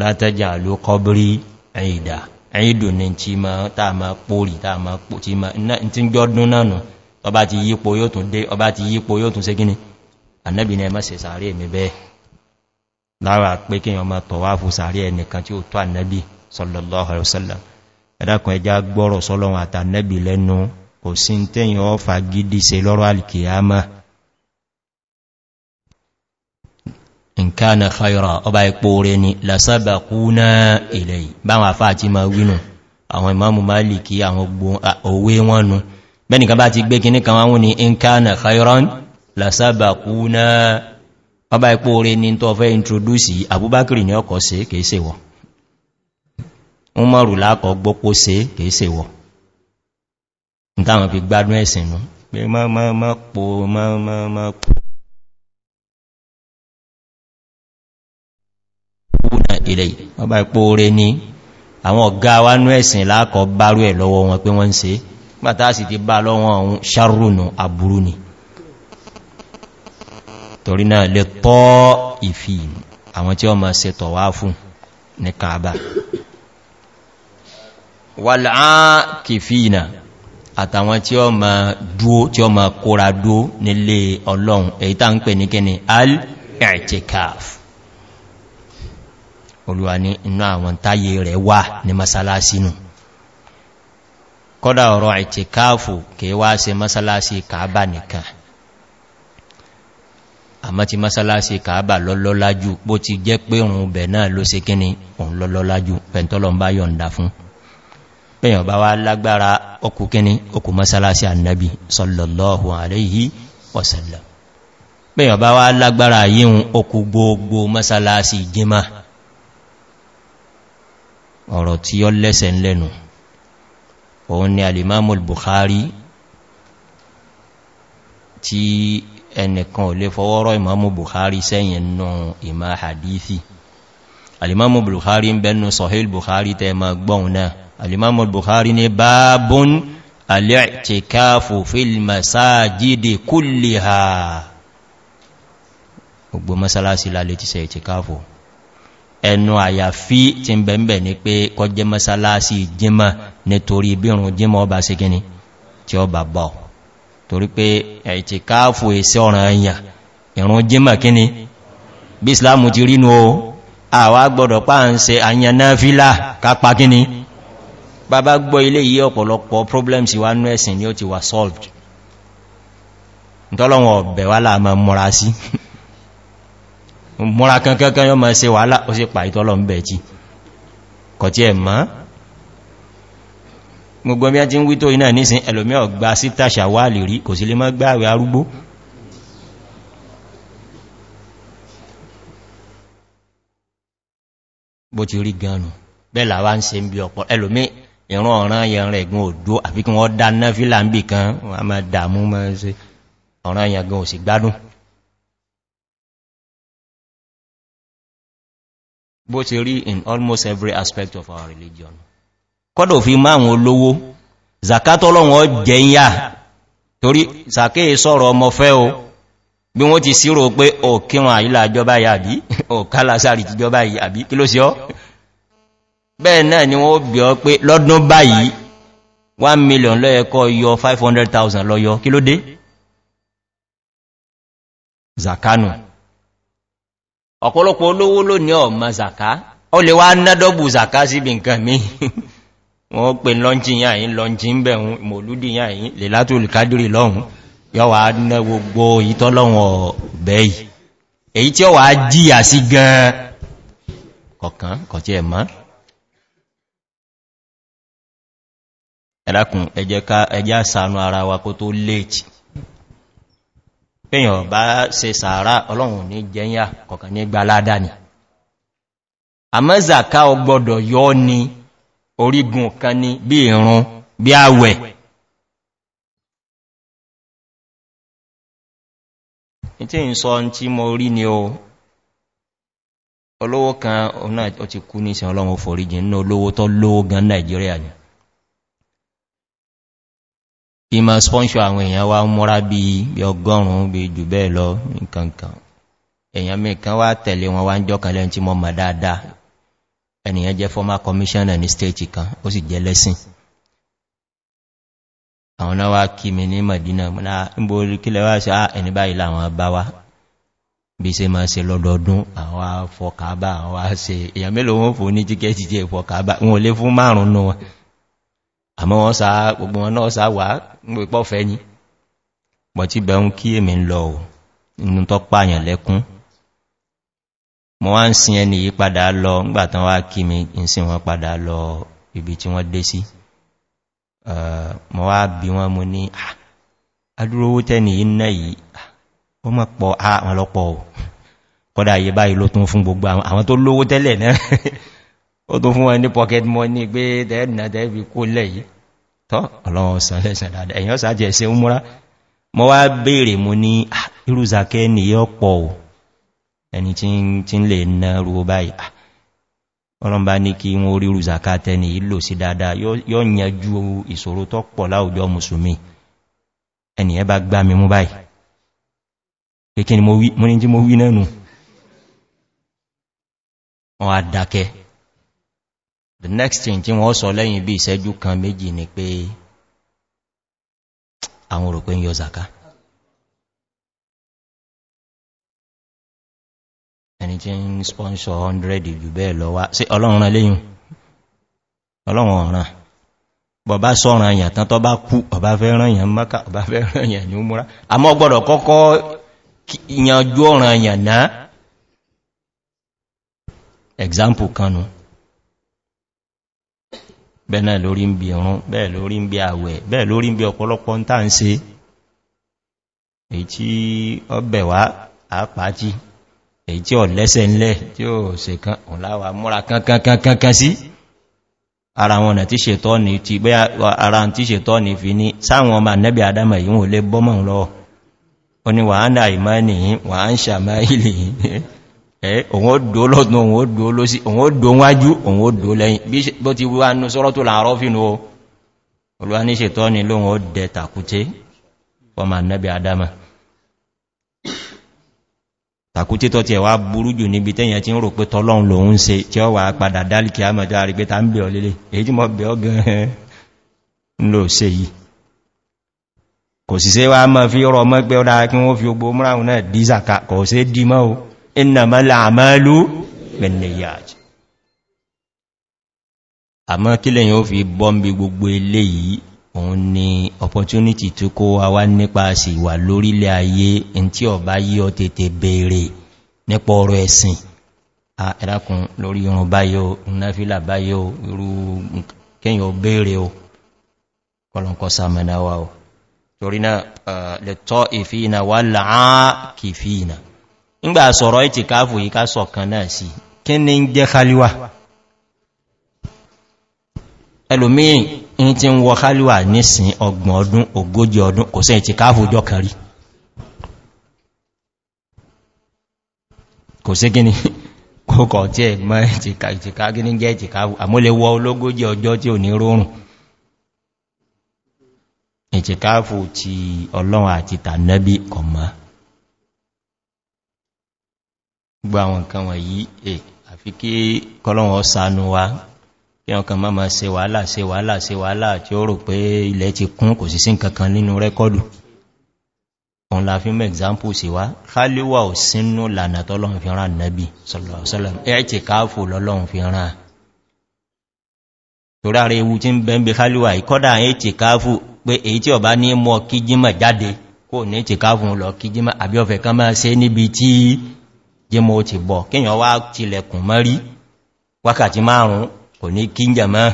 látẹ́jà ló kọbírí ẹ̀ìdà ẹ̀ìdù ní tí ma táà ma pòrì táà ma pò tí ma tí ń jọdún náà nù ọba ti yípo yóò tún dé ọba ti yípo yóò tún sé gíní annabi ni ẹ mọ́sẹ̀ sàárẹ̀ èmì bẹ́ẹ̀ lára pé kí ọmọ tọ̀wáfù sàárẹ̀ ẹnìkan tí ó tó annabi sallallahu nǹkan khayra ọba ipò rẹ̀ ni lasábà kúnà ilẹ̀ báwọn àfá àti ma wínú àwọn imamu maliki àwọn òwe wọn nù bẹ́nìkan bá ti gbé kí ní kan wọ́n ni nǹkan khayran lasábà kúnà ọba ipò rẹ̀ ni tó fẹ́ introduce abubakiri ni ọkọ̀ sí kèése wọ umaru lákọ̀ gbókó sí kèése wọ nǹkan fi gbádùn ẹ̀sìn nù pé má má má pò má má má ilẹ̀ bàbá ipò rẹ ní àwọn ọ̀gá wa nú ẹ̀sìn láàkọ̀ bárú ẹ̀ lọ́wọ́ wọn pé wọ́n ń se gbàtà sì ti bá lọ́wọ́ ọ̀hún ṣarúnù àbúrú ni torí náà lè tọ́ ìfì àwọn tí ó ma se tọ̀ wá fún ní kaaba àtàwọn tí ó ma dúó tí ó ma kóra dúó nílé ọlọ́run èyí tá ń pè ní kíni al-i'tikaf olúwa ní inú àwọn táyé rẹ̀ wà ní masalasi nù kọ́dà ọ̀rọ̀ ìtìkáàfù kìí wá se masalasi kàábà nìkan àmá ti masalasi kàábà lọ́lọ́lájú bó ti jẹ́ pé òun bẹ̀ náà ló se kíni òun lọ́lọ́lájú pẹ̀ntọ́lọ́n bá yọ̀nda fún pẹ̀yàn bá masalasi annabi sallallahu alaihi wasallam pẹ̀yàn bá wá lágbára yíhun ọkù masalasi jima ọ̀rọ̀ tí ó lẹ́sẹ̀ lẹ́nu òun ni alimamul buhari tí ẹnìkan ò lè fọwọ́rọ̀ imamu buhari sẹ́yìn nù ìmá hadithi alimamu buhari ń bẹnu sahil buhari tẹ ma gbọ́n náà alimamu buhari ni bábún alẹ́tìkáfò fílmasáàjídì kúlìhà gbogbo masalasi lalẹ́ ti ẹnu àyàfí ti ń bẹ̀m̀bẹ̀ ní pé kọjẹ mọ́sálásí jímọ̀ nítorí bírùn jímọ̀ ọba sí gíní tí ọba bọ̀ torí pé ẹ̀tì káàfù èsẹ́ ọ̀ràn ẹ̀yà ìrún jímọ̀ kíní bí islamu ti rínú o àwá gbọ́dọ̀ pà ń se àyànáfílà kápa kíní solved ntọ́lọ́wọ̀n ọ̀bẹ̀ wá láàmà múra sí múra kankankan yọ ma ṣe wàhálà ó sì pàì tọ́lọ̀ ń bẹ̀ jí kọ̀ tí ẹ̀ mọ́ gbogbo bí a ti ń wí tó iná nísìn ẹlòmí ọ̀gbá sí tàṣà wà lè rí kò sí lè mọ́ gbáàwẹ̀ arúgbó bó ti rí ganu bẹ́ẹ̀lá wá ń se bí ọ̀pọ̀ ẹlòmí ìran ọ̀ràn yẹn rẹ̀ gún àfikún ọdá náà fílà ń bì kan a máa dàmú mọ́ sí ọ̀ràn yẹn gan òsì gbádùn bó ti rí in almost every aspect of our religion kọ́dọ̀ fi máa wọn olówó zakatọ́ lọ́wọ́ jẹyà torí sàkéè sọ́rọ̀ ọmọ fẹ́ o bí wọ́n ti sírò pé o kíwọn àyílà àjọba yàbí o kálásàrì ti jọba yàbí kí ló sí ọ́ bẹ́ẹ̀ náà ni wọ́n bí ọ pé lọ́dún báyìí 1 million lọ́ẹ̀kọ́ yọ 500,000 lọ́yọ kí ló dé zakanu ọ̀pọ̀lọpọ̀ olówó ló ní ọmọ zaka ó lè wá nádọ́bù zaka síbi nǹkan mi wọ́n pè lọ́njì yáyìn lọ́njì ń bẹ̀rún mòlúdì yáyìn lè látò olùkádìrì lọ́hun yọ́ wà ná gbogbo ìtọ́lọ́wọ̀n bẹ́yì èyí tí pèyàn bá se sàárá ọlọ́run ní jẹyà kọ̀kan ní gbaládà ni àmọ́zàká ọgbọ́dọ̀ yọ́ ni orígun kan ní bí ìrún bí àwẹ̀ tí ń sọ tí mọ orí ni o olówó kan ọ̀nà ọ̀tí kú ní ìsìn ọlọ́run fòríjì nínú olówó tó lówó gan nàìjíríà yìí ìmọ̀ spọ́nṣọ́ àwọn èèyàn wá múra bí i ọgọ́rùn-ún bí jù bẹ́ẹ̀ lọ nǹkankan èèyàn mẹ́kan wá tẹ̀lé wọn wá ń jọ́ kan tí mọ́ mọ̀ dáadáa jẹ́ former commissioner ní state kan ó sì jẹ́ lẹ́sìn àwọn náà wá kí mi ní mọ̀dínà ah, níbo se ah, se àmọ́ wọn sáà gbogbo wọn náà sáà gbogbo fẹ́ ní bọ̀ tí bẹ̀rún kí èmì ń lọ ò inú tó pààyàn lẹ́kún mọ́ wá ń sin ẹni yìí padà lọ ngbàtán wá kí mi ń sin wọn padà lọ ibi tí wọ́n dé sí mọ́ wá bí wọ́n mú ní adúrówó tẹ́ni yìí yìí ó mọ́ pọ̀ àwọn lọ́pọ̀ ò kọ́dá ayé báyìí ló tún fún gbogbo àwọn tó lówó tẹ́lẹ̀ náà ó tún fún wọn ní pocket money gbé tẹ́ẹ̀dì tẹ́ẹ̀ fi kó lẹ̀ tọ́ ọlọ́ọ̀sán lẹ́sẹ̀ dáadáa èyàn sáàjẹ̀ ṣe ń múra mọ́ wá bèèrè mú ní irúzakẹ́ ní ọpọ̀ ò ẹni tí ń lè ná rú báyìí ah, ọlọ́mbá ní kí wọ́n rí irúzakẹ́ tẹni ìlò sí dáadáa yóò yanjú ìṣòro tó pọ̀ láwùjọ musulmi ẹni ẹ bá gbá mi mú báyìí kí ni mo ní tí mo wí nẹ́nu wọ́n á dákẹ́ the next thing tí wọ́n sọ lẹ́yìn bí ìṣẹ́jú kan méjì ni pé àwọn òròpé ń yọ zaka ẹni tí ń sponsor 100 jù bẹ́ẹ̀ lọ sí ọlọ́run lẹ́yìn ọlọ́run ọ̀ràn bọ̀bá sọ́ràn àyàn tán tọ́ bá kú ọba fẹ́ rányàn mọ́ká ọba fẹ́ rányàn ní múra àmọ́ gbọ́dọ̀ kọ́kọ́ ọ̀ràn àyàn náà example kanu bẹ́ẹ̀ náà lórí ń bí ẹ̀rún bẹ́ẹ̀ lórí ń bí àwẹ̀ bẹ́ẹ̀ lórí ń bí ọ̀pọ̀lọpọ̀ ń tàà ń se èyí tí ọ bẹ̀ wá àpájí èyí tí ọ lẹ́sẹ̀ ńlẹ̀ tí ó se kan ọ̀láwà múra kankankankan sí ara wọn nà tí ṣètọ́ ní ti bẹ́ ara fi ní sáwọn ọmọ anẹ́bí adama yìí lè bọ́mọ̀ lọ òun ó dò lọ́dún òun ó dò lọ́sí òun ó dò wájú òun ó dò lẹ́yìn bí bó ti wá nú sọ́rọ́ tó láàrọ́ fínú o olúwa ní ṣètọ́ ni lóhun ó dẹ tàkúté ọmọ annabi adama tàkúté tó ti ẹ̀wà burú jù níbi tẹ́yẹn tí ń rò pé tọ́lọ́un lòun se tí ó wà padà dálìkì àmàjá rí pé ta ń bẹ̀ ọ lélẹ̀ èyí tí mọ́ bẹ̀ ọ gan-an ló se yìí kò sì sé wá mọ́ fi rọ mọ́ pé ó kí wọ́n fi ogbó múráhùn náà dí kò sí dí innama al'amalu bin niyyat àmọ́ kí lẹ́yìn ó fi bọ́m̀bí gbogbo eléyìí òun ni opportunity tó kó wa wá nípa sí wà lórílẹ̀ ayé in tí ọ bá yí ọ tètè bèèrè nípa ọrọ̀ ẹ̀sìn a ẹ̀rákun lórí irun báyó náfílà báyó irú kíyàn bèèrè o kọlọ̀nkọ́ sàmẹ́náwà o torí náà lẹ́tọ́ ìfìnà wà láàá kìfìnà ńgbà sọ̀rọ̀ ìtìkáàfù yìí ká sọ̀kan náà sí kí ní ń jẹ́ khaliwa ẹlòmíì ń ti ń wọ khaliwa nísìn ọgbọ̀n ọdún ogójì ọdún kò sẹ́ ìtìkáàfù jọ kan rí kò sí gíní kókọ̀ tí ẹ̀gbọ́n ìtìkáàfù ní jẹ́ ìtìkáàfù àmúlẹ̀wọ́ ológójì ọjọ́ tí ò ní rórùn ìtìkáàfù ti ọlọ́run àti tànẹ́bí ọmọ gbogbo àwọn nǹkan wọ̀nyí è eh, àfi kí kọlọ́wọ́ sánú wa kí wọn kan máa se wàhálà se wàhálà se wàhálà tí ó rò pé ilẹ̀ ti kún kò sí sí nkankan nínú rẹ́kọ́dù òun la fi mọ́ ẹ̀gbámpù sí wá kálíwà ò sínú lànà tọ́lọ́run fi rán nẹ́bì sọ̀lọ̀sọ́lọ̀m ẹ̀ ti káàfù lọ́lọ́run fi rán torí ara ewu tí ń bẹ́ ń bẹ kálíwà èyí tí ọba ní mọ́ kíjímọ̀ jáde kó ní ti káàfù lọ kíjímọ̀ àbí ọ̀fẹ́ kan máa se níbi tí jẹ́ ti bọ̀ kíyàn wá tilẹ̀kùn mọ́ wákàtí márùn-ún kò ní kí ń jẹmọ́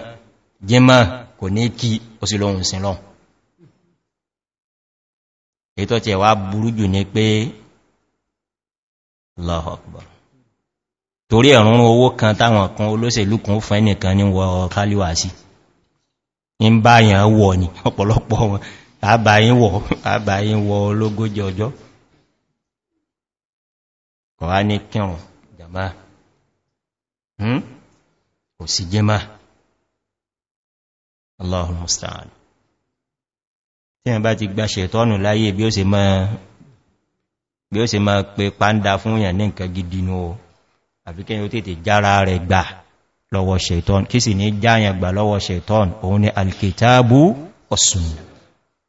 jẹmọ́ kò ní kí o sì lóhun lọ ètò tí ẹ̀wà jù ní pé torí ẹ̀rùn owó kan táwọn kan olóṣèlú kan fún ẹnìkan ní wọ káliwà sí ń ọ̀pọ̀lọpọ̀ wọn àbáyín kọ̀wá ní kírùn jàmá hmm? kò sí jẹmá allahun musta'an tí wọ́n bá ti gba ṣètọ́nù láyé bí ó se máa bí ó se máa pe pàndà fún èèyàn ní nǹkan gidi ní o àfikẹ́ yóò tètè jára rẹ̀ gbà lọ́wọ́ ṣètọ́n kí sì ní jáyàn gbà lọ́wọ́ ṣètọ́n òun ni alkitabu ọ̀sùn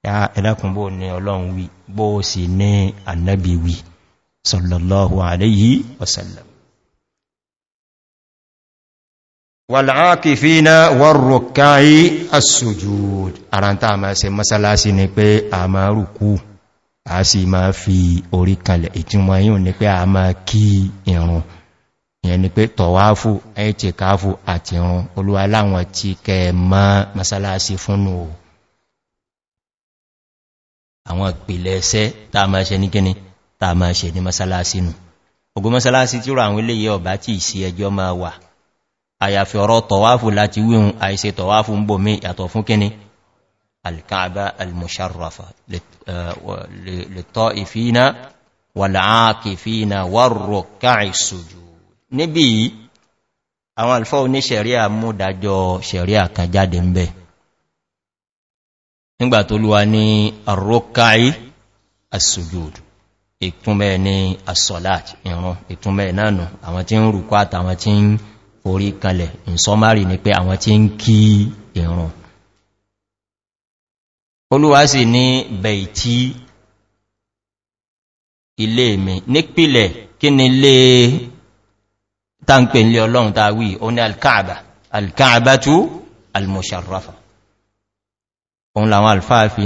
ya ẹlẹ́kùnbó ni ọlọ́run wí bó sì ní annabi wí sallallahu alayhi wasallam wàl'ákìfínà wọ́rùkáyí asùjúd àrántà máa se masalasi ni pé a máa rùkú a sì máa fi orí kalẹ̀ ìtumọ̀ yíò ni pé a máa kí ìrùn ìyẹn ni pé tọ̀wáfù ẹ̀ẹ́tẹ̀káfù àti ìrùn olúwa láwọn ti kẹ mọ́ masalasi fúnnù àwọn ìpìlẹ̀ ẹsẹ́ tàà máa ṣe ní kíni tàà máa ṣe ní masalasi nù ogun masalasi tí rọ àwọn iléyẹ ọ̀bá tí ìsí ẹjọ́ máa wà àyàfi ọ̀rọ̀ tọ̀wáfù láti wíhun àìsẹ tọ̀wáfù ń bò yàtọ̀ fún kíní alkaaba almusharrafa lè tọ́ ìfína wàláàkì fína wárò káàìsùjù nígbà tó lúwa ní àrókàí àsùjúdù ìtúnbẹ̀ ní asọ́láàtì ìran ìtúnbẹ̀ nánú àwọn tí ń rùkú àtàwọn tí ń forí kalẹ̀ ìsọmárì ni pé àwọn tí ń kí ìran olúwa sì ní bẹ̀ìtí ilé mi nípìlẹ̀ kí ni lé táǹpẹ̀ ilé ọlọ́run tàwí ó ní alkaaba alkaaba tú almusharrafa òun làwọn alfáàfi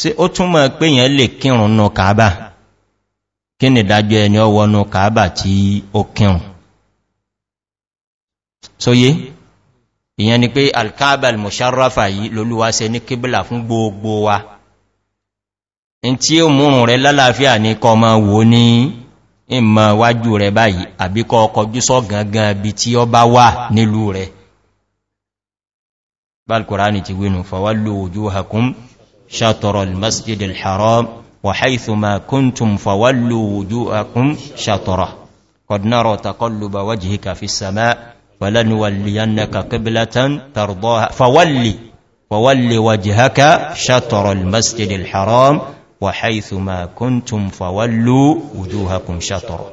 sí ó túnmọ̀ pé yẹn lè kírùn nù kàábà kí ni dájọ́ ẹni ọwọ́ nù kàábà tí ó kírùn sóyé ìyẹn ni pé alkaaba al-musharrafa yìí lolúwa se ní kíbìlà fún gbogbo wa in tí ó múrùn rẹ lálàáfíà ní kọ ma wo ní ìmọ̀ wájú rẹ báyìí àbíkọ ọkọ̀jú sọ gangan bí tí ọ bá wà nílùú rẹ̀ bá ti wínú fọwọ́lú ojú hakun شطر المسجد الحرام وحيثما كنتم فولوا وجوهكم شطره قد نرى تقلب وجهك في السماء فلنولينك قبلة ترضاها فولي فولي وجهك شطر المسجد الحرام وحيثما كنتم فولوا وجوهكم شطره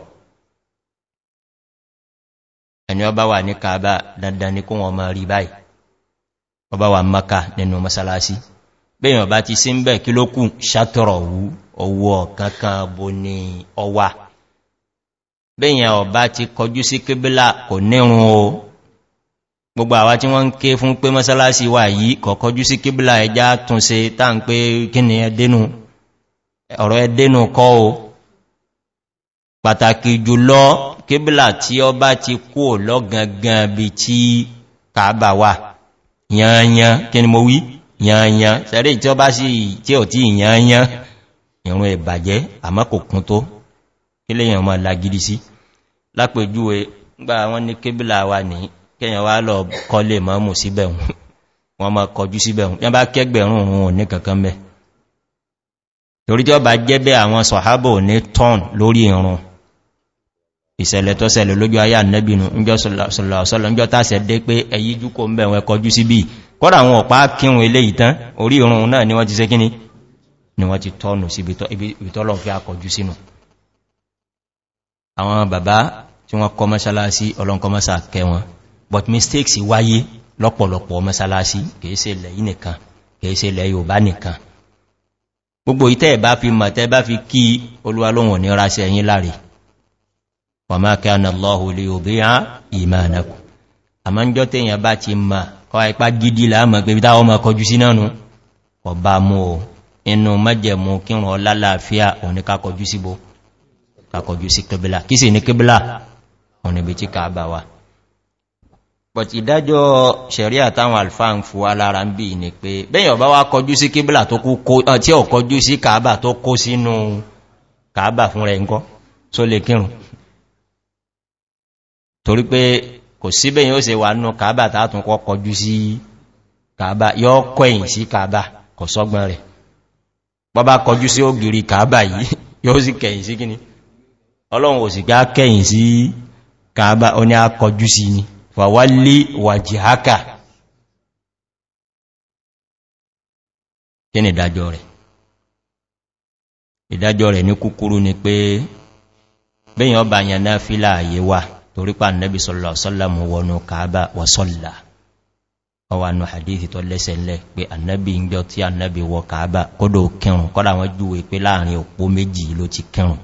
أن يبوى نكابا ní kaaba وما ni kún ọmọ rí báyìí bẹ́yàn bá ti sí ń bẹ̀ kí ló kù ṣàtọ̀rọ̀ wú owó kankan bó ní ọwà bẹ́yàn ọba ti kọjú sí kébílà kò nírun o gbogbo àwá tí wọ́n ń ké fún pé mọ́sálásí wà yìí kọ̀ kọjú sí kébílà ẹjá tún se táà ń pé kíni ẹdínú ọ̀rọ̀ ẹdínú kọ́ o pàtàkì jùlọ kébílà tí ọba ti kú ò lọ́gangan bí tí kàábà wà yanyan kí ni mo wí yanyan sẹ́rẹ́ tí ó bá sí tí ò tí yanyan ìrún ìbàjẹ́ àmọ́ kò kún tó kílé yàn mọ́ lagidi sí lápẹjúwe gbà wọ́n ní kébìlà wà ní kẹyàn wá lọ kọlé mọ́mù síbẹ̀hùn wọ́n mọ́ kọjú síbẹ̀hùn yán bá kẹgbẹ̀rún òun ò ní kankan mẹ́ torí tí ó bá jẹ́bẹ̀ àwọn sọ̀hábò ní tọ́n lórí ìrún ìṣẹ̀lẹ̀ tó ṣẹlẹ̀ lójú ayá nẹ́bìnú ìjọsọ̀lọ́jọ́ tàṣẹ dé pé ẹ̀yí jùkọ́ ń bẹ̀wẹ̀ kọjú sí bí kọ́dà àwọn ọ̀pá kírun ilé ìtán orí irun náà ni wọ́n ti sé kíní ni wọ́n ti tọ́nù sí ibitọ́lọ̀ fi akọjú sínú àwọn bàbá tí wọ́n kọ mọ́sálásí but mistakes wáyé lọ́pọ̀lọpọ̀ mọ́sálásí kèése ilẹ̀ yìí nìkan kèése ilẹ̀ yorùbá nìkan gbogbo ìtẹ́ ìbá fi mọ̀ tẹ́ bá fi kí olúwa lóhun ní ra wàmá kánà lọ́hù lè òbí á ìmánakù a ma ń jọ tèyàn bá ti ma kọ́ ipá gidi láàmà pé bí táwọn ma kọjú sí náà nù ọba mú o inú mẹ́jẹ̀mú kírùn ọlálàáfíà òní kakọjú síbo kakọjú sí kébìlá kí sì ní kébìlá òníbi tí ká bá wa but ìdájọ́ sẹ̀rí àtàwọn alfa ń fu alára ń bí ní pé bẹ́yàn bá wá kọjú sí tí kàábà tó torí pé kò síbẹ̀ yóò se wà nínú kàábà tààtùn kọ́ kọjú sí kàábà yóò kọ́ ẹ̀yìn sí kàábà kò sọ́gbọ́n rẹ̀ bọ́bá kọjú sí ó gìrì kàábà yìí yóò sì kẹ̀yìn sí kíní ọlọ́run ò sì gbá kẹ̀yìn sí kàábà ó ní akọjú sí ni fàwálé ni ìdájọ́ rẹ̀ ìdájọ́ rẹ̀ ní torípa nẹ́bí sọ́lọ̀ sọ́lọ̀mù wọnú kàábà wà sọ́lá ọwà hadithi tó lẹ́sẹ̀ ńlẹ̀ pé annabi ń jọ tí annabi wọ kàábà kódò kírùn kọ́dà wọ́n júwe pé láàrin òpó méjì ló ti kírùn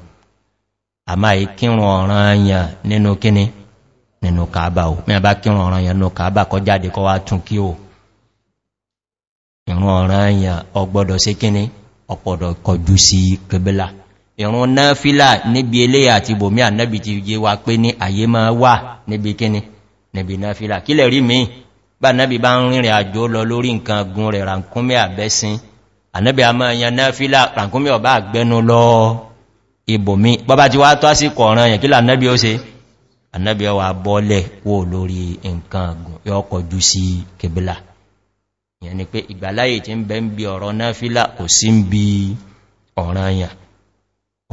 a máa yí kírùn ọ̀ràn ayàn nínú kíní nínú kàábà ò mẹ́ bá kírùn ọ̀ràn ayàn nínú kàábà kọ ìrún náfílà níbi eléyà àti bòmí ànábì ti yé wa pé ní àyè máa wà níbi kíni níbi náfílà kílẹ̀ rí mi bá nábi bá ń rìnrìn àjò lọ lórí nǹkan gun rẹ̀ rànkúnmí àbẹ́sìn ànábì a máa yan náfílà rànkúnmí ọba àgbẹ́nu lọ ibòmí bọ́bá ti wá tọ́ sí kọ̀ọ̀ràn yẹn kílà nábi ó se ànábì ọwà bọ́ọ̀lẹ̀ wó lórí nǹkan gun yọ́kọ̀ jú sí kebìlà ìyẹn ni pé ìgbàláyè ti ń bẹ́ ń bi ọ̀rọ̀ náfílà kò sí ń bi ọ̀ràn yẹn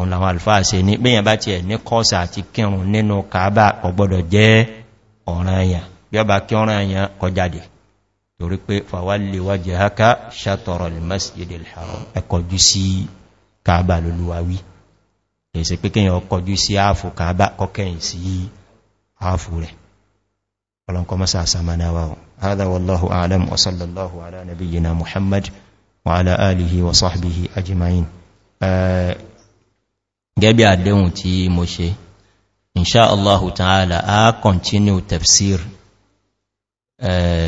ọ̀nà àwọn alfáà se ní bíyàn bá ti ẹ̀ ní kọ́sà àti kírùn nínú kàábà ọgbọ́dọ̀ jẹ́ ọ̀ràn àyàn bí ọba kí ọ̀ràn àyàn kọjáde torí pé fàwálewájẹ́ haka ṣàtọ̀rọ̀ lè masjidi alharam ẹkọjú هذا والله أعلم وصلى الله على نبينا وصحبه أجمعين gẹ́bí àdéhùn tí mo ṣe inṣá allahu ta'ala a continue tafsir eh,